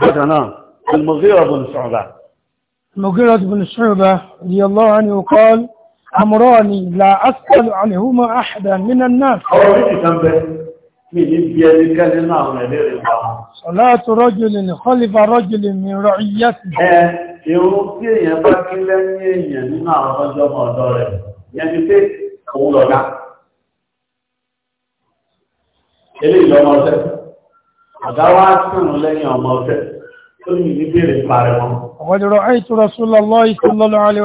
Bákan náà, Al-Mughira bin Shu'ba. Al-Mughira bin Shu'ba, radiyallahu anhu qala, amrani la as'alu anhuma ahadan minan nas. Ọ̀rọ̀ mi ti kan bẹ. Mi ní bí ẹni kẹ́lẹ́ náà rẹ̀ lérè pa. Salatu rajulin khalifa rajulin min ra'iyyatihi. irun tí èèyàn bá kí lẹ́yìn èèyàn nínú àwọn ọjọ́ ọ̀dọ́ rẹ̀ yẹn pé òun lọ̀gá eléyìí lọ́mọ ọ̀sẹ̀ ọ̀gá wá sùn lẹ́yìn ọmọ ọ̀sẹ̀ tó ní ìbéèrè parẹ́ wọn. وقد رأيت رسول الله صلى الله عليه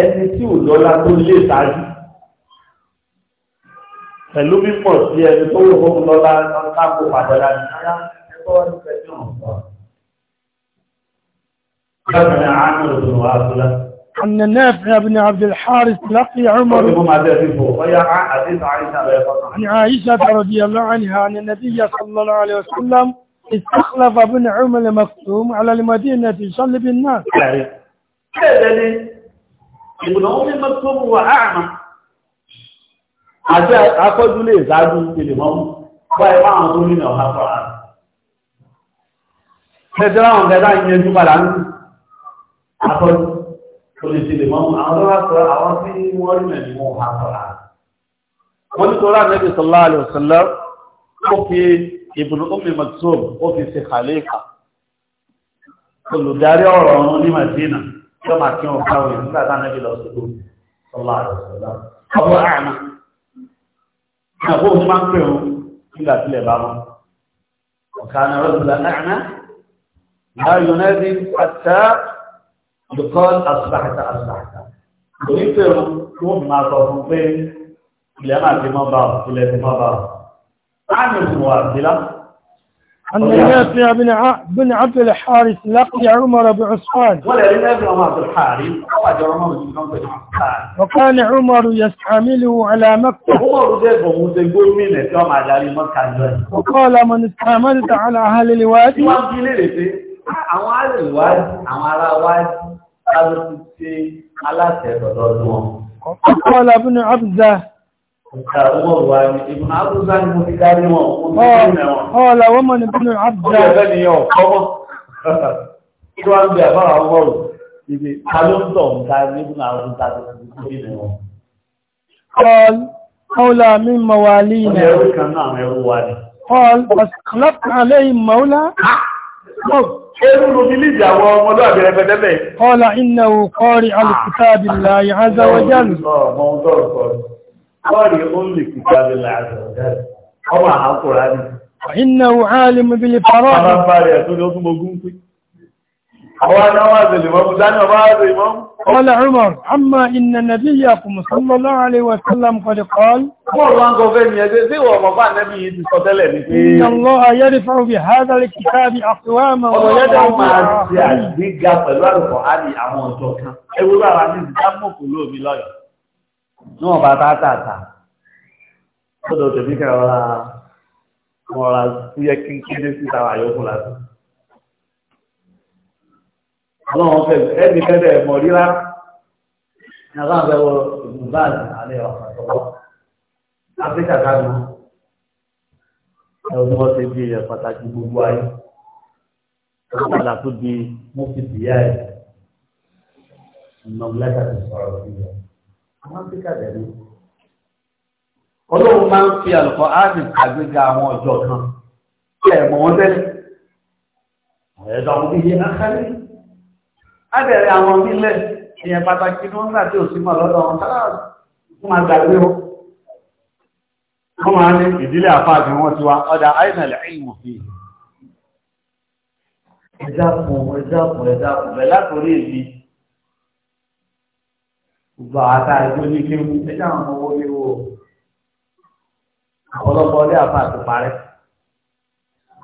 ẹni tí ò lọ́lá tó lé sáájú pẹ̀lú mímọ̀ sí ẹni tó wò fún lọ́lá káàkó padà ní نافع بن عبد الحارث لقي عمر عن عائشة رضي الله عنها أن النبي صلى الله عليه وسلم استخلف بن عمر مكتوم على المدينة يصلي الناس ìgbìnà ó ní mẹ́tọ́bù wà áàmà àti akọ́jú lè záájú ilẹ̀ mọ́ bá ẹwà àwọn tó ní ọ̀há sọ àrùn tẹ́tẹ́ láwọn gẹ́gẹ́ ìyẹn jú padà ń akọ́jú tó lè ṣe lè mọ́ àwọn tó wá sọ àwọn tí wọ́n rí mẹ́rin mọ́ ọ̀há sọ àrùn wọ́n ní tọ́lá nẹ́bí sọlá alẹ́ òsèlá ó fi ìbùnú ó fi mẹ́tọ́bù ó fi ṣe kàlẹ́kà olùdarí ọ̀rọ̀ ọ̀run ní Madina yóò máa kí wọn káwọn yẹn nígbà tá anábì lọ sí kú sọlá rẹ sọlá ọwọ́ àmà àbó òun máa ń pè wọn nígbà tílẹ̀ bá wọn ọ̀ka náà rọ́bùlà àmà láàyò náà di àtà lùkọ́ àṣàkàtà àṣàkàtà kò ní pè أن يافع بن ع بن عبد الحارث لقي عمر بعصفان وكان عمر يستعمله على مكة وقال من استعملت على أهل الوادي àwọn arìnwájú àwọn ará wájú lábẹ́ ti ṣe على سيف ọdún wọn. ابن abúlé Ọ̀la wọ́n mọ̀ ní bí i Abdá. Ọ̀la ni yọ ọ̀kọ́mọ́. Kí wá àbára ọgọ́rùn-ún? Ibi ta ń ta ní bí i àwọn ìta tó ti kí ní wọn. Ọ̀la mi mọ̀ wà ní ilẹ̀. Ọ̀la ẹrú kan náà àwọn ẹrú wa ni. Ọ̀la ọ̀sán lápá قارئ لكتاب الله عز وجل ọmọ àkùrá ní. Iná àálìmù bí lè parọ́. Àwọn bá rẹ̀ tó lọ fún ogun pín. Àwọn anáwà àzẹ̀lẹ̀ mọ́mú dání ọba àzẹ̀ mọ́mú. Qala Umar, amma inna nabiyyakum sallallahu alaihi wa sallam qad qala. Wọ́n wá ń gọ́gẹ́ ni ẹgbẹ́ sí ìwọ̀n ọmọ bá nẹ́bí yìí ti sọ tẹ́lẹ̀ ní pé. Inna Allaha yarfa'u bi hadha al-kitabi aqwaman wa yada'u máa ti àgbéga pẹ̀lú àlùkò àlì àwọn ọ̀dọ́ kan. Ewúrọ̀ àwọn àti ìdámọ̀kò lóòmí lọ́yọ̀ọ́ níwọ̀n bá tá tààtà lọ́dọ̀ tèmi kẹ́ ọ̀la wọn ra fúyẹ́ kíkéré síta àyọkù láti. ọlọ́run fẹ́ ẹni fẹ́ẹ́ mọ̀ rírá ní aláǹfẹ́ wọ ìgbàlè ọ̀pọ̀lọpọ̀ áfíríkà kánú ẹ̀rọ ni wọ́n ti ẹ̀ pàtàkì gbogbo ayé wọ́n padà tó di mọ́fìsì yá ẹ̀ ìnáwó lẹ́ka ti sọ̀rọ̀ sí i. Ọlọ́run máa ń fi àlùkọ́ áàdì àgbéga àwọn ọjọ́ kan. Ẹ mọ̀ wọ́n tẹ́lẹ̀. Ẹ̀dọ̀ àwọn ìyẹn náà kálẹ̀. Á bẹ̀rẹ̀ àwọn nílẹ̀ ìyẹn pàtàkì ní wọ́n gbà tí ò sí mọ̀ lọ́dọ̀ wọn sára fún máa gbàgbé wọn. Wọ́n máa ní ìdílé àfáàbí wọn ti wá ọjà àìnàlẹ̀ ìwò fi. Ẹ̀dá fún ẹ̀dá fún látòrí èyí gbogbo àtà ìgbó ní kéwù ẹjọ́ àwọn ọmọ owó léwu ọ̀pọ̀lọpọ̀ ọdẹ àfa àti parẹ́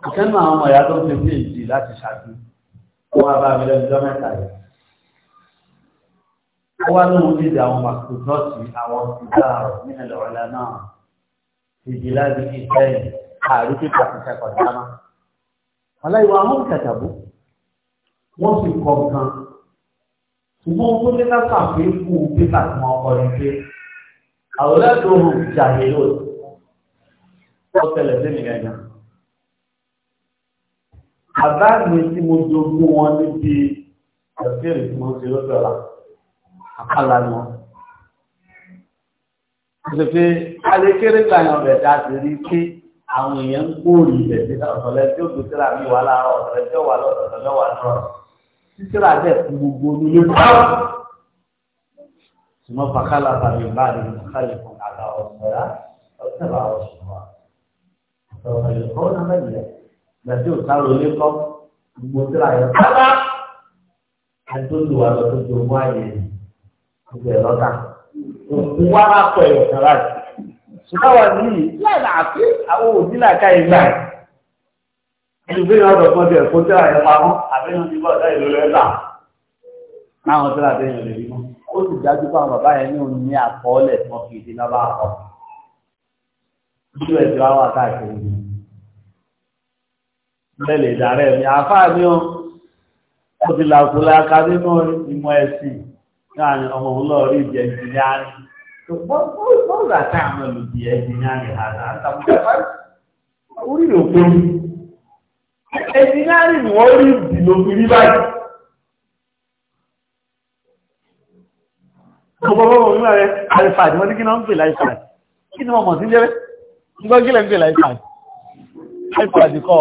ìkẹ́nu àwọn ọmọ ìyá tó ń ṣe fún èjì láti ṣáájú ó wá bá mi lẹ́nu ọjọ́ mẹ́ta yìí ó wá lóhun dídì àwọn màkùtọ́ọ̀tì àwọn ìgbà ní ẹlọ́ọ̀lá náà ìdí láti ìfẹ́ yìí ààrí pípa ti ṣẹkọ̀ọ́ dáná. aláìwọ àwọn ìkàtàbó wọ́n sì kọ̀ gan ṣùgbọ́n owó ní ká kàwé kú pépà tí wọ́n ni pé àwòrán tó hù jàdé lóòtù wọ́n tẹ̀lé sí mi gẹ́gẹ́. Bàbá mi tí mo jogún wọn níbi ẹ̀fẹ́rì tí mo ṣe lọ́dọ̀ ọ̀la, àkàlà ni wọn. Mo ṣe pé alékéré gbàyàn ọ̀bẹ̀ dá sí rí pé àwọn èèyàn ń kórìí ibẹ̀ sí ọ̀sọ̀lẹ́ tí ó gbèsè láàmì wà láàárọ̀ tí ó wà lọ́sọ̀lẹ́ wà lọ́rọ̀ sísírà dẹ̀ fún gbogbo onílé náà sùmọ́ fàkàlà tàbí báyìí fàkàlì fún àgbà ọ̀sẹ̀rà ọ̀sẹ̀rà ọ̀sùnwà ọ̀sẹ̀rà ìkọ́ náà mẹ́lẹ̀ gbàdé òtárò ilé kọ́ gbogbo síra yẹn sábà àdóòlù wa lọ tó jogún ààyè gbogbo ẹ̀rọ ta òkú wàrà pẹ̀lú ọ̀sẹ̀rà ṣùgbọ́n wà ní ìlànà àfi àwọn òbí làkà ìgbé ọ̀dọ̀ kan tẹ̀ kó tẹ́ra ẹ̀ pamọ́ àbẹ́yàn ti bọ̀ ọ̀dọ́ ìlú lẹ́tà láwọn tẹ́ra tẹ́yàn lè rí mọ́ ó sì dájú pé àwọn bàbá yẹn ní òun ní àkọọ́lẹ̀ tí wọ́n fi ìdí náà bá kọ́ bílẹ̀ tí wọ́n wà káàkiri ni bẹ́ẹ̀ lè dàrẹ́ mi àáfàá mi ó ó ti làkú láka nínú ìmọ̀ ẹ̀sìn náà ni ọmọ òun lọ́ọ́ rí ìjẹ́ ìjìnlẹ́rìn bọ́ọ̀lù àtàwọn olùdíẹ̀ ìjìnlẹ́rìn àtàwọn orí ìlòpin ẹni náà rìn wọ́n rí ìdìbò fi rí báyìí. Gbogbo ọgbọ́n mi máa rẹ àìfàdì, wọ́n ní kí náà ń pè láìfàdì. Kí ni wọ́n mọ̀ sí jẹ́rẹ́? Gbọ́n kí lẹ́ ń pè láìfàdì? Láìfàdì kọ́.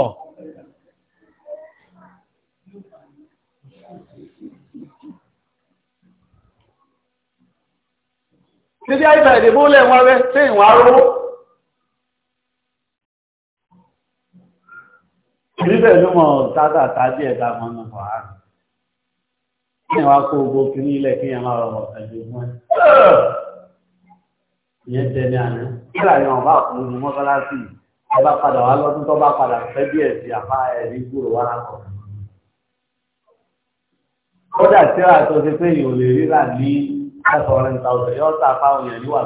Títí àìfàdì bó lẹ̀ wọ́n rẹ, ṣé ìwọ̀n arówó? níbẹ̀ ló mọ̀ tátà tàbí ẹ̀dá mọ́ ní wàá ní wàá kó gbogbo kìíní ilẹ̀ kí yẹn máa rọrọ̀ pẹ̀lú mọ́ ẹ̀. ìyẹn jẹ ní àná kíra ni wọn bá kún un mọ́sálásì ẹ padà wá lọ́dún tó bá padà fẹ́ díẹ̀ sí àpá ẹ̀rí gbòòrò wá lákọ̀. kódà tíra tó ṣe pé èèyàn ò ní five hundred thousand yóò tà fáwọn èèyàn yóò wà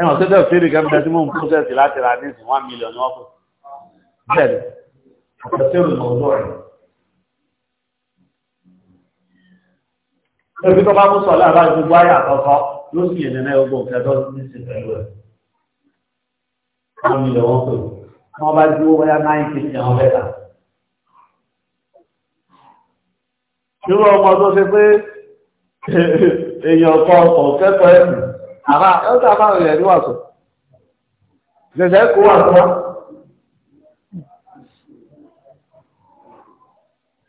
ẹ̀wọ̀n tó tẹ̀sí rí kẹ́mí tẹ́sí mú un pọ́sẹ̀sì láti ra ní ìsìn one million wọ́n fún bẹ́ẹ̀ tẹ̀sí rí mọ̀ọ́dọ́ rẹ̀. ebi tó bá mú sọ lára gbogbo ayé àkọ́kọ́ ló sì yẹn nínú ẹgbẹ́ òkè tó ní sí pẹ̀lú ẹ̀. one million wọ́n fún un wọ́n bá dúró wáyà náírà kìíní àwọn bẹ́ẹ̀ ta. irú ọmọ tó ṣe pé *laughs* èèyàn kan kò kẹ́kọ̀ọ́ ẹ̀sìn àbá ọ̀tá àbá rẹ̀ ló wà sọ. Ṣẹ̀ṣẹ̀ kó wà fún wa.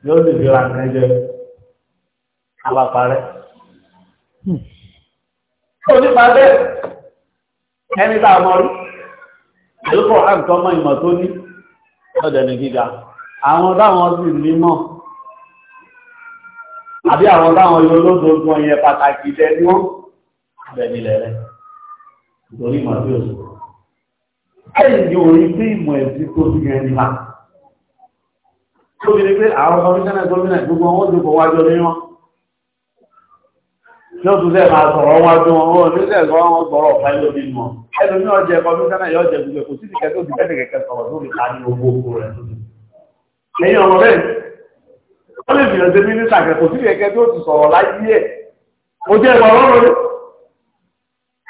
Yóò lè fi ra nǹkan jẹ àbá parẹ́. Ó nípa bẹ́ẹ̀ ẹni tá a mọ̀ rí. Àlùkò àǹtọ́ mọ ìmọ̀ tó ní ọ̀dẹ̀ ní gíga. Àwọn táwọn sì ní mọ̀ àbí àwọn táwọn yóò lódodo yẹn pàtàkì jẹ ni wọ́n bẹ̀mí lẹ́rẹ́ nítorí ìmọ̀ tí ó Ẹ̀yìn ni orí pé ìmọ̀ ẹ̀sí tó ti yẹn ni máa. Tó bí ni pé àwọn kọmíṣánná gómìnà gbogbo wọn dùn kọ wájọ ní wọn. Tí ó tún máa sọ̀rọ̀ wájú wọn, ó ní sẹ́ sọ wọn gbọ́rọ̀ fáyé lórí mọ̀. Ẹnu ní ọjẹ́ kọmíṣánná yóò jẹ gbogbo kò sí ìkẹ́ tó ti bẹ́ẹ̀ kẹ̀kẹ́ sọ̀rọ̀ tó fi ta ní owó oko rẹ̀ tó ọmọ bẹ́ẹ̀, wọ́n lè gbìyànjú mínísà kẹ̀ kò sí ìkẹ́ tó ti sọ̀rọ̀ láyé ẹ̀. Mo jẹ́ ìwà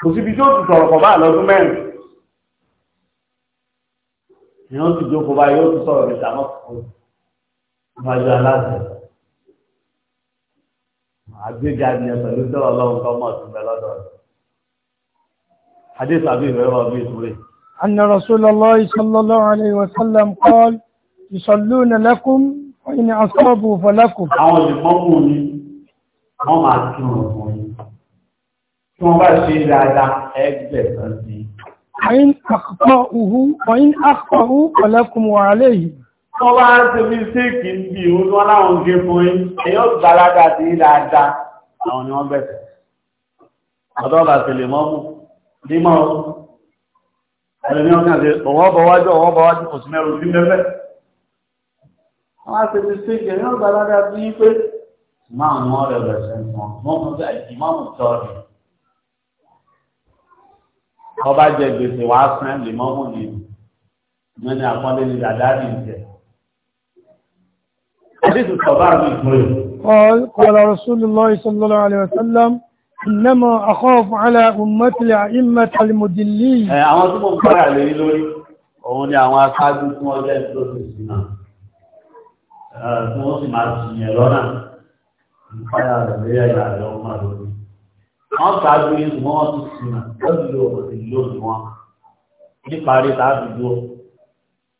kò síbi tí ó ti sọ̀rọ̀ kọ̀ bá lọ́dún mẹ́rin ni ó ti jókòó báyìí ó ti sọ̀rọ̀ níta mọ́kànlá ìwájú aláṣẹ àgbéga ni ẹ pẹ̀lú dọ́rọ̀ lọ́wọ́ tó mọ̀ sí bẹ́ẹ̀ lọ́dọ̀ rẹ̀ حديث أبي هريرة أبي هريرة أن رسول الله صلى الله عليه وسلم قال يصلون لكم وإن أصابوا فلكم. أعوذ بالله هم أكلون tí wọ́n bá ṣe dáadáa ẹgbẹ̀sán sí. Àyín àkọ́kọ́ uhu, ọ̀yín àkọ́kọ́ uhu ọ̀lẹ́kùnmù wà léyìí. Wọ́n bá ń ṣe bí séèkì ń bí ìhun wọn láwọn gé fún yín, èyí ó gbàlágà dáadáa, àwọn ni wọ́n bẹ̀sẹ̀. Ọ̀dọ́ ọba jẹ gbèsè wàá sàn lè mọ́ fún mi mẹ́ni àpọ́nlé ni dàdá ní ìjẹ. Àdìsù sọ̀bá mi ìgbòrò. Qala Rasulullah sallallahu alaihi wasallam innama akhafu ala ummati al-a'immat al-mudillin. Ẹ àwọn tó mọ̀ ń pààyà lórí lórí, òun ni àwọn aṣáájú tí wọ́n jẹ́ tó ti sì náà. Tí wọ́n sì máa sì yẹn lọ́nà, ń pààyà rẹ̀ lórí ẹ̀yà rẹ̀ ọmọ lórí. Wọ́n ṣáájú yìí wọ́n ti sì náà, wọ́n ti lo òkè yóò ní wọn níparí tàbíjọ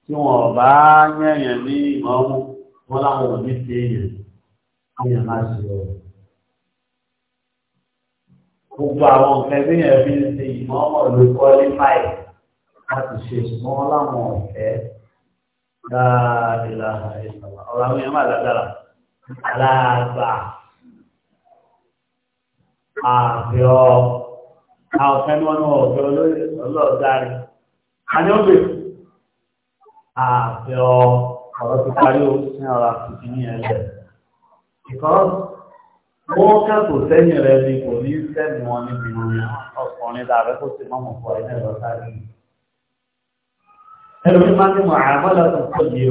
tí wọn bá yẹ̀yẹ̀ ní ìmọ̀ọ́mú wọn láwọn ò ní ti èèyàn èèyàn máa ṣe ọ̀rọ̀ gbogbo àwọn nǹkan tí yẹn fi ń ṣe ìmọ̀ọ́mọ̀ ló kọ́ ní fáìlì láti ṣe ṣùgbọ́n wọn láwọn ọ̀fẹ́ dáadáa ọ̀rọ̀ àwọn èèyàn máa dáadáa aláàbà àbẹ̀ àwọn ọ̀fẹ́ ni wọ́n náà ọ̀fẹ́ ọlọ́ọ̀dáre àní ó bèèrè àfẹ́ ọ̀rọ̀ ti parí ó sí ọ̀rọ̀ àfìsí ní ẹlẹ́ ìkọ́rọ̀ wọ́n kẹ́kọ̀ọ́ sẹ́yìn rẹ̀ ni kò ní sẹ́yìn wọn níbi ìròyìn ọkùnrin dàbẹ́ kó sì mọ́mọ́ pọ̀ ẹ̀ náà lọ́ta rí ẹlò ní máa ń mọ̀ àmọ́lẹ̀ tó kọ̀ yìí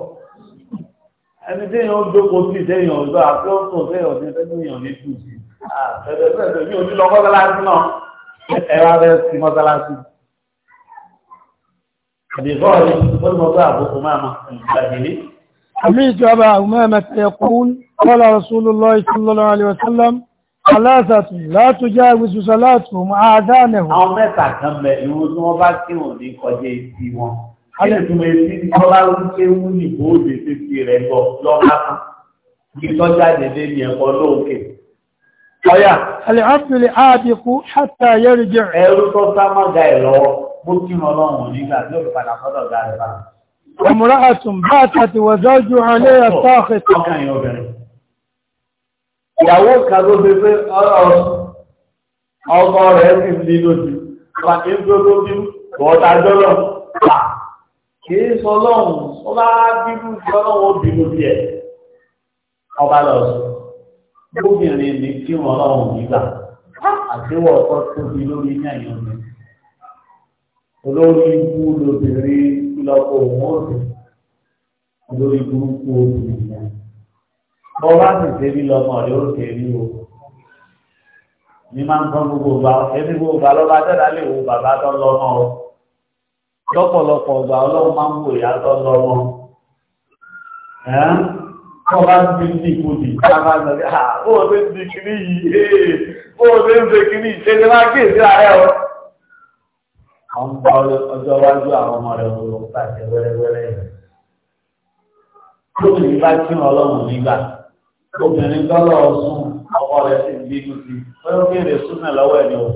ẹni tí èèyàn ń dókòó sí ìdẹ́yìn ọ̀dọ́ àtúntò ìdẹ́yìn ọ̀dọ́ ìdẹ́yìn ọ̀dọ́ ìdù sí àtẹ̀tẹ̀tẹ̀ mi ò ní lọ mọ́sálásí náà ẹ wá bẹ́ẹ̀ sí mọ́sálásí. àdìgbò ọ̀rẹ́ wọ́n mọ̀ bá àbùkù máa ma ìgbàdìrí. àbí ìjọba àmọ́ẹ̀mẹ́ ti ẹ̀kún kọ́lá rasulullah sallallahu alaihi wasallam aláàtàtù látò já ìwìsù àwọn mẹ́ta kan bẹ̀ ìwọ tí wọ́n bá kírun ní kọjá etí wọn alẹ́ tó mọ etí ọba ń wú ní bóde títí rẹ̀ bọ̀ lọ́ba kan kí tọ́jà dédé ní ẹ̀kọ́ lóòkè. ọ̀yà. àlẹ́ àfìlẹ̀ àdìkú hàtà yẹ́rì jẹ́. ẹrú tó sá ẹ̀ lọ́wọ́ bó kí wọn lọ́wọ́ nígbà tí ó padà fọ́dọ̀ ga rẹ̀ bá. ọmọrá àtùn bá àtàtì wà zájú alẹ́ àtàkì. ìyàwó kan ló fi pé ọkọ rẹ̀ sì ń lé lójú. bàtí ń tó kìí sọ lọ́hùn ó bá bínú sí ọlọ́run ó bínú bí ẹ̀ ọba lọ sí gómìnrin ní kí wọn lọ́hùn nígbà àdéhùn ọkọ tóbi lórí ní àyàn mi olórí ikú lóbìnrin lọ́kọ̀ òun ó sì olórí burúkú obìnrin náà bọ́ bá sì débi lọ́mọ rẹ̀ ó tẹ̀lé o ní máa ń tán gbogbo ọba ẹni gbogbo ọba lọ́ba tẹ́lá lè wo bàbá tó lọ́mọ o. lọ́pọ̀lọpọ̀ ọgbà ọlọ́run máa ń wò ìyàtọ̀ lọ́wọ́ ọba ń bí ní ìkòdì ọba ń sọ̀rọ̀ ó ń di kiri yìí ń kiri ṣe ṣe máa kéèsì ààrẹ ọ. àwọn ń bá ọjọ́ iwájú àwọn ọmọ rẹ̀ wẹ́rẹ́wẹ́rẹ́ yìí. bá kí wọn nígbà obìnrin ọ̀sùn ọkọ rẹ̀ sì ń wọ́n yóò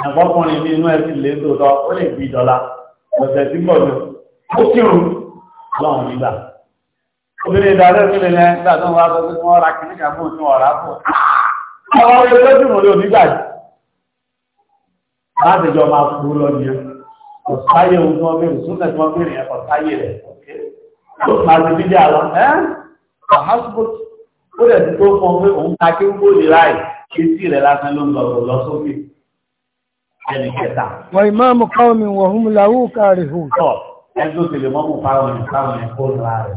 àgbọ́kùnrin ní inú ẹ̀sìn lè tó lọ ó lè bí dọ́là ọ̀sẹ̀ tí pọ̀ jù ó kírun lọ́rùn nígbà obìnrin ìdálẹ́ sílẹ̀ yẹn nígbà tó ń wá sọ pé wọ́n ra kìnnìkan fún òṣùn ọ̀rá fún àwọn ọmọ ẹgbẹ́ tí mo lè onígbà yìí láti jọ máa fú lọ ní ẹ kò sáyé ohun tí wọ́n bèèrè súnlẹ̀ tí wọ́n bèèrè ẹ sáyé rẹ̀ ó máa ti bí ẹni kẹta. wọ́n ìmáàmù káwọn mi wọ̀ hún láwú káàrí hù. tọ́ ẹni tó tẹ̀lé mọ́mù káwọn mi káwọn mi kó nra rẹ̀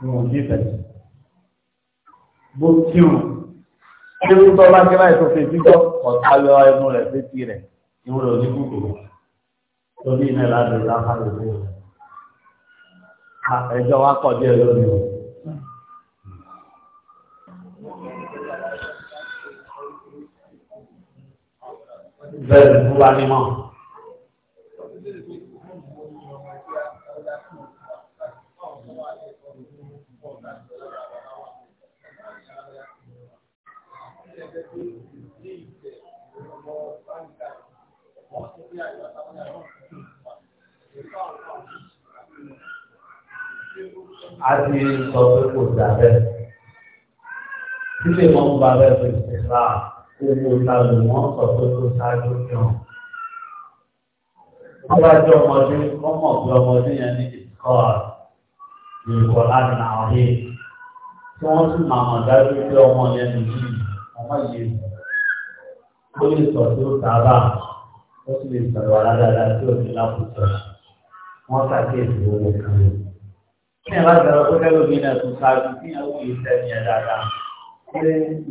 ní òjì fẹ̀sì. tí o ṣé ó tọ́ bá jẹ́ tó fèsì gbọ́ ọ̀tá yọ ẹnu rẹ̀ sétí rẹ̀ ìwúrẹ̀ òní kúkúrú lórí iná ìlànà ìlànà ìlú ẹjọ́ wa kọ̀ díẹ̀ lónìí bẹ́ẹ̀ ló wà nímọ̀. a ti sọ pé kò dà bẹ́ẹ̀. Sílé mọ́ ń ba bẹ́ẹ̀ fi ṣe láà gbogbo ìtàlù wọn sọ pé kó ṣáájú kí wọn. wọ́n bá jẹ́ ọmọdé wọ́n mọ̀ pé ọmọdé yẹn ní ìkọ́à ní ìkọ́ láti nà ọ́ yé tí wọ́n sì máa mọ̀ dájú pé ọmọ yẹn nìyí ọmọ yìí ó lè sọ tí ó sábà ó sì lè sọ̀rọ̀ aládàáda tí ò ní lápùtọ̀ wọ́n ṣàkíyèsí owó kan. Ní ìlànà ìdájọ́ tó kẹ́lò bí náà tún ṣáájú kí ẹ̀wọ̀n yìí tẹ̀ ẹ̀ dáadáa. Ṣé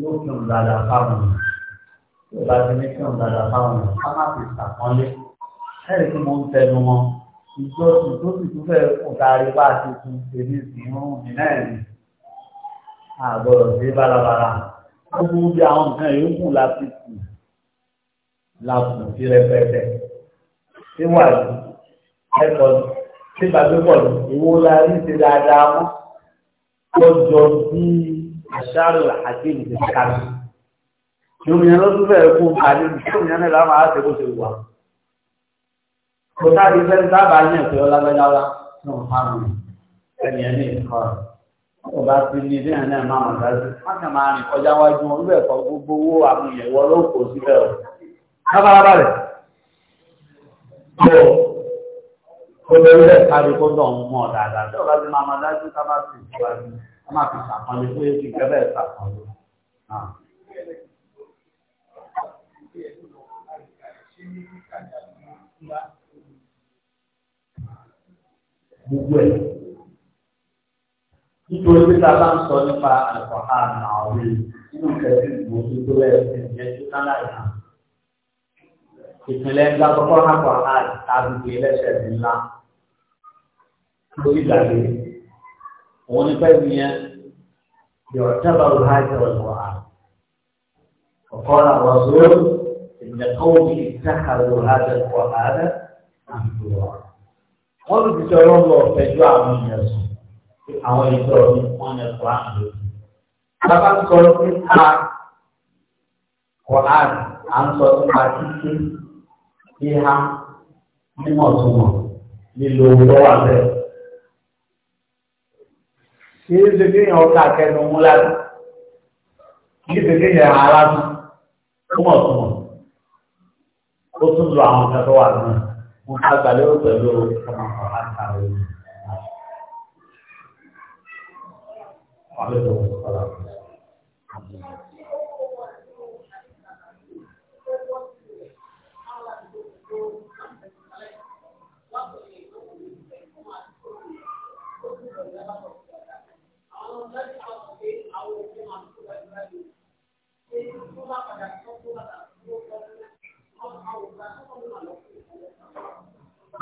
yóò kí òun dáadáa fáwọn ènìyàn? ìgbà tí ní kí n dada fáwọn ká má fi sàpọ́nlé ẹ̀rí tí mo ń tẹnu wọn ìjọ ìjọ sì tún fẹ́ kún kárí bá a ti kun èmi sì ń rún mi náà ni àgbọ̀rọ̀ sí balabala gbogbo bí àwọn nǹkan yòókù la fi kù la kù sí rẹpẹtẹ síwájú ẹ̀kọ́ tí gbàgbé pọ̀ ní ìwó la rí ti dáadáa mọ́ lọ́jọ́ bí àṣàrò àti ìdíkàlù ìròyìn lọ́dún bẹ̀rẹ̀ fún àdé ìṣòyìn náà láwọn aláṣẹ kó ṣe wà kò táàdì fẹ́ dábà ní ẹ̀fẹ́ ọlágbẹ́láwá náà márùn ẹni ẹni ìkọ́ ọba ti ní ilé ẹ̀ náà máa dájú máṣe máa rìn kọjá wájú wọn bẹ́ẹ̀ kọ gbogbo owó àwọn ìyẹ̀wò olóko síbẹ̀ ọ̀ lábálábá rẹ̀ tó kó lórí rẹ̀ kó dọ̀ ń mọ̀ dáadáa tó gbogbo ẹ̀. Nítorí pé ta bá ń sọ nípa àlùfáà àwọn nínú kẹsì ìgbò tó tó ẹ̀ ẹ̀ tó kánlá ìhà. Ìpínlẹ̀ ńlá kọ́kọ́ hàpọ̀ àgbègbè ẹlẹ́sẹ̀ ńlá lórí ìgbàgbé. Òun ní pẹ́ẹ́lú yẹn yọ̀ọ́ tábà ló hájà ọ̀dọ̀ wa. Ọ̀kọ́ làwọn sọ́ọ́. إن قومي اتخذوا هذا القرآن مهجورا قالوا بسرور الله فجوع من يسوع àwọn ìjọ mi wọn ní Quran lójú. Bàbá ń sọ nípa Quran, à ń sọ nípa títí, ìhà, mímọ̀túmọ̀, lílo lọ́wọ́ abẹ́. Kì í ṣe kéèyàn ọ̀tá kẹnu mú láti. Kì í ṣe kéèyàn ara mú, mímọ̀túmọ̀ ó tún lo àwọn ọ̀gá tó wà náà wọ́n ká gbàlérò pẹ̀lú ọmọ ọ̀hán kàwé.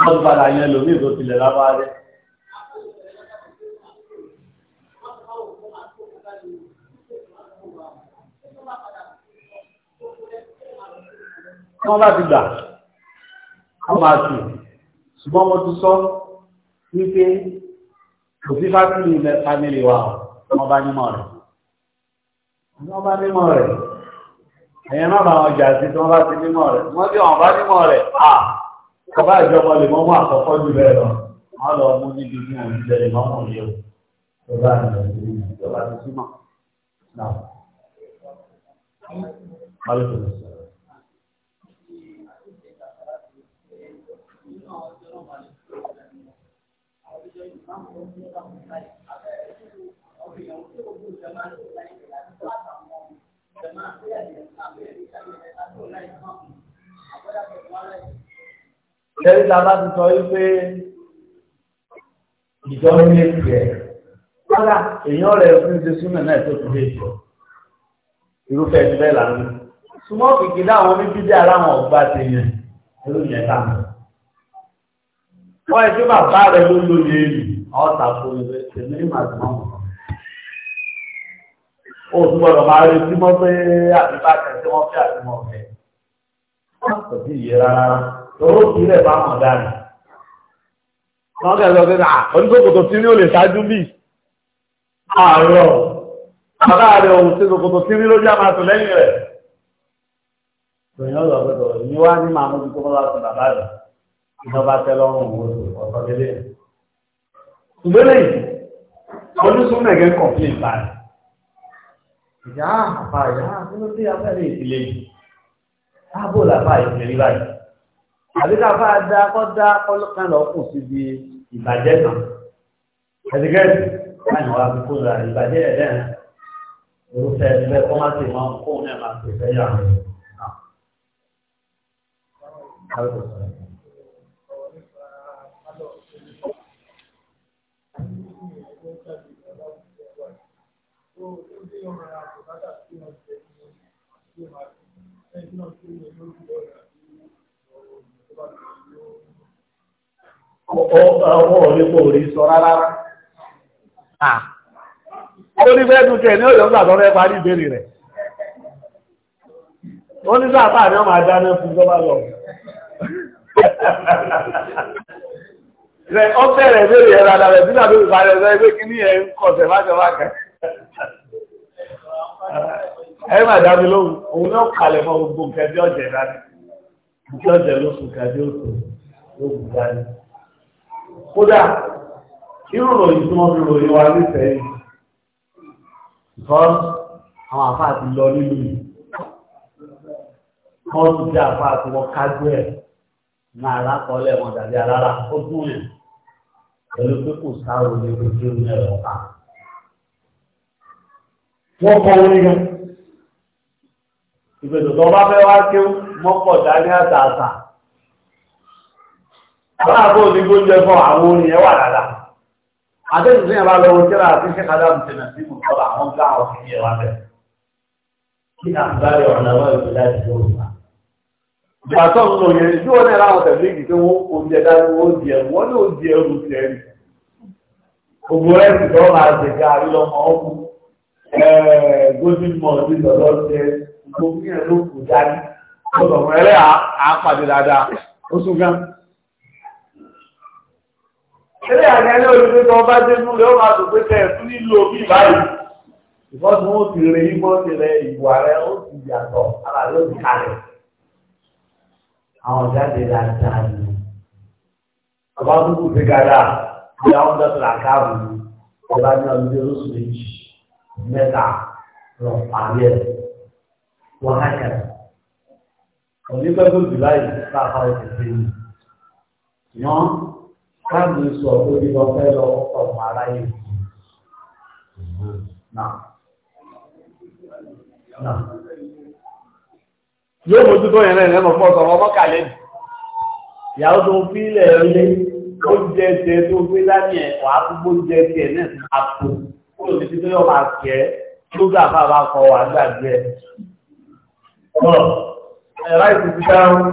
wọ́n padà yẹn lómi tó tilẹ̀ lábáadé. wọ́n bá ti gbà wọ́n máa tù ṣùgbọ́n wọ́n ti sọ wípé kò sí fásitì ilẹ̀ fámìlì wa wọ́n bá nímọ̀ rẹ̀ wọ́n bá nímọ̀ rẹ̀ ẹ̀yẹn má bàa wọn jà sí tí wọ́n bá ti nímọ̀ rẹ̀ wọ́n bí wọn bá nímọ̀ rẹ̀ à. Bàbá ìjọba lè mọ́mọ́ àkọ́kọ́ jù bẹ́ẹ̀ lọ, wọ́n lọ mú níbi ní òṣìṣẹ́ lè mọ́mọ́ yẹ o. Bàbá ìjọba ti símọ̀. Thank you lẹ́yìn tí a bá ti sọ wípé ìjọ ní èsì ẹ̀ kódà èèyàn rẹ̀ fún ṣe súnmọ̀ náà tó tún lè jọ irúfẹ́ ti bẹ́ẹ̀ lánàá súnmọ́ kìkì láwọn oníbídé aláwọn ọgbà ti yẹn ló yẹn ká mọ́ wọ́n ẹ̀ tí bàbá rẹ̀ ló lóye èlù ọ̀tà fún mi tèmi ní màá mọ́ o tún gbọdọ̀ máa retí mọ́ pé àbíbá kẹsí wọ́n fẹ́ àti mọ́ fẹ́ wọ́n kò sí ìyẹ rárá lọ́wọ́ sí ilẹ̀ bá mọ̀ dáadáa. wọ́n kẹ́ lọ sí ní oníkókòtò tí ní ò lè ṣáájú bí àárọ̀ bàbá rẹ̀ òun sí kòkòtò tí ní ló já máa tò lẹ́yìn rẹ̀. ìròyìn ọ̀rọ̀ ọ̀gbẹ̀dọ̀ ìyẹn wá ní màmú tó bá sọ bàbá rẹ̀ ìjọba tẹ́ lọ́rùn òun ọ̀sọ̀ lélẹ̀. ṣùgbọ́n lẹ́yìn ọdún sún nẹ̀gẹ́ kọ̀ọ̀fíì báyìí ìyá àpá ìyá nínú tí a fẹ́ ìdílé yìí. Táàbò làbá ìdílé báyìí àbí káfá dá kọ́ dá kọ́lọ́kan lọ kù síbi ìbàjẹ́ kan ẹ̀dígẹ́sì láàrin wa kó la ìbàjẹ́ ẹ̀dẹ́ irúfẹ́ ẹgbẹ́ kọ́ máa ti mọ kó náà máa ti fẹ́ yà wọ́n. Thank you. ọwọ́ orí sọ rárá ó ní bẹ́ẹ̀ dúkẹ́ ní òjò nígbà tó fẹ́ parí ìbéèrè rẹ̀ ó ní Ha ní ọmọ àdáná fún tó lọ rẹ̀ ó bẹ̀rẹ̀ ìbéèrè ẹ̀rọ àdàrẹ̀ sínú àbí ìparẹ̀ ẹ̀rọ ẹgbẹ́ kí ní ẹ̀ ń kọ̀ọ̀sẹ̀ fákẹ́fákẹ́ ẹ má dábí lóhùn òun náà kalẹ̀ mọ́ gbogbo nǹkan bí ọ̀jẹ̀ dání bí ọ̀jẹ̀ ló sùn kàdé òtò dání. kódà irú ròyìn tí wọ́n fi ròyìn wa nífẹ̀ẹ́ yìí because àwọn àfáà ti lọ nínú yìí wọ́n tún jẹ́ àfáà tí wọ́n kájú ẹ̀ wọn dàbí alára ó pẹ̀lú pé kò ní ojú ẹ̀rọ wọ́n kọ́ yẹn fẹ́ aláàbò ní gbóúnjẹ fún àwọn oníyẹ wà lára àtẹ́sù sí ẹ̀bá lọ́wọ́ kíra àti ṣẹ́kàdá mùsùlùmí sí mùsùlùmí àwọn gbá àwọn sí iye wa bẹ̀rẹ̀ kí àgbáyé ọ̀nà wọ́n ìlú láti ló wà. ìgbà tó ń lò yẹn tí wọ́n náà láwọn tẹ̀lé ìgbì tó wọ́n oúnjẹ dájú oúnjẹ wọ́n ní oúnjẹ ẹrù ti ẹ̀rì. gbogbo rẹ̀ sì tọ́ máa ṣe ga àrílọ́mọ ọkùn gómìnà ti lọ́dọ̀ ṣe gbogbo yẹn ló kù dání. ó sọ fún ẹlẹ́ àápàdé dáadáa ó sún gán eré àgbẹ̀ ní olùgbé tó bá dé fún lẹ́wọ̀n àdùgbé tẹ̀ fún nílò bí báyìí ìfọ́sí wọn ti rè é mọ́ ti rẹ ìwà rẹ ó ti yàtọ̀ ara rẹ ó ti kalẹ̀ àwọn jáde dáadáa ni àbá dúdú ti gada bí àwọn dọ́tà làkàbù ìjọba ní ọdún tó lóṣù méjì mẹ́ta lọ parí ẹ̀ wọ́n á kẹ́rẹ̀ òní pẹ́ tó jù láyé tá a fọ́ ẹ̀ tẹ̀lé káàmù sọ lórí ọ̀fẹ́ lọ ọ̀pọ̀ ara yìí. Yóò mójú tó yẹn lẹ́yìn lẹ́mọ̀ fún ọ̀sán ọmọ kàlẹ́ nì. Ìyàwó tó fi ilẹ̀ ilé ó jẹ jẹ tó gbé láti ẹ̀ wà á gbogbo jẹ jẹ náà sí àpò. Ó lè fi tó yọ máa kẹ́ ṣúgà máa bá kọ wà gbàgbé ẹ̀. Ẹ̀rá ìsìnkú dáhùn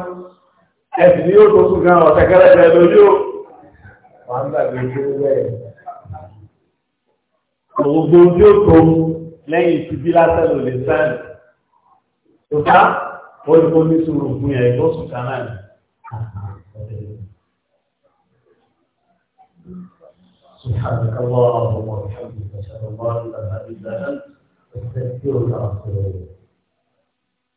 ẹ̀sìn ni yóò tó sùn gan ọ̀sẹ̀ kẹrẹ́fẹ́ lójú wà ń gbàgbé tó bẹ́ẹ̀. Òwúgbò tí ó tó lẹ́yìn ti bí lásán ló lè sáyẹn. Tòká olùkọ́ ní sùúrù fún yẹn ìbọn sùkà náà ni. سبحانك اللهم وبحمدك اشهد ان لا اله الا انت استغفرك واتوب اليك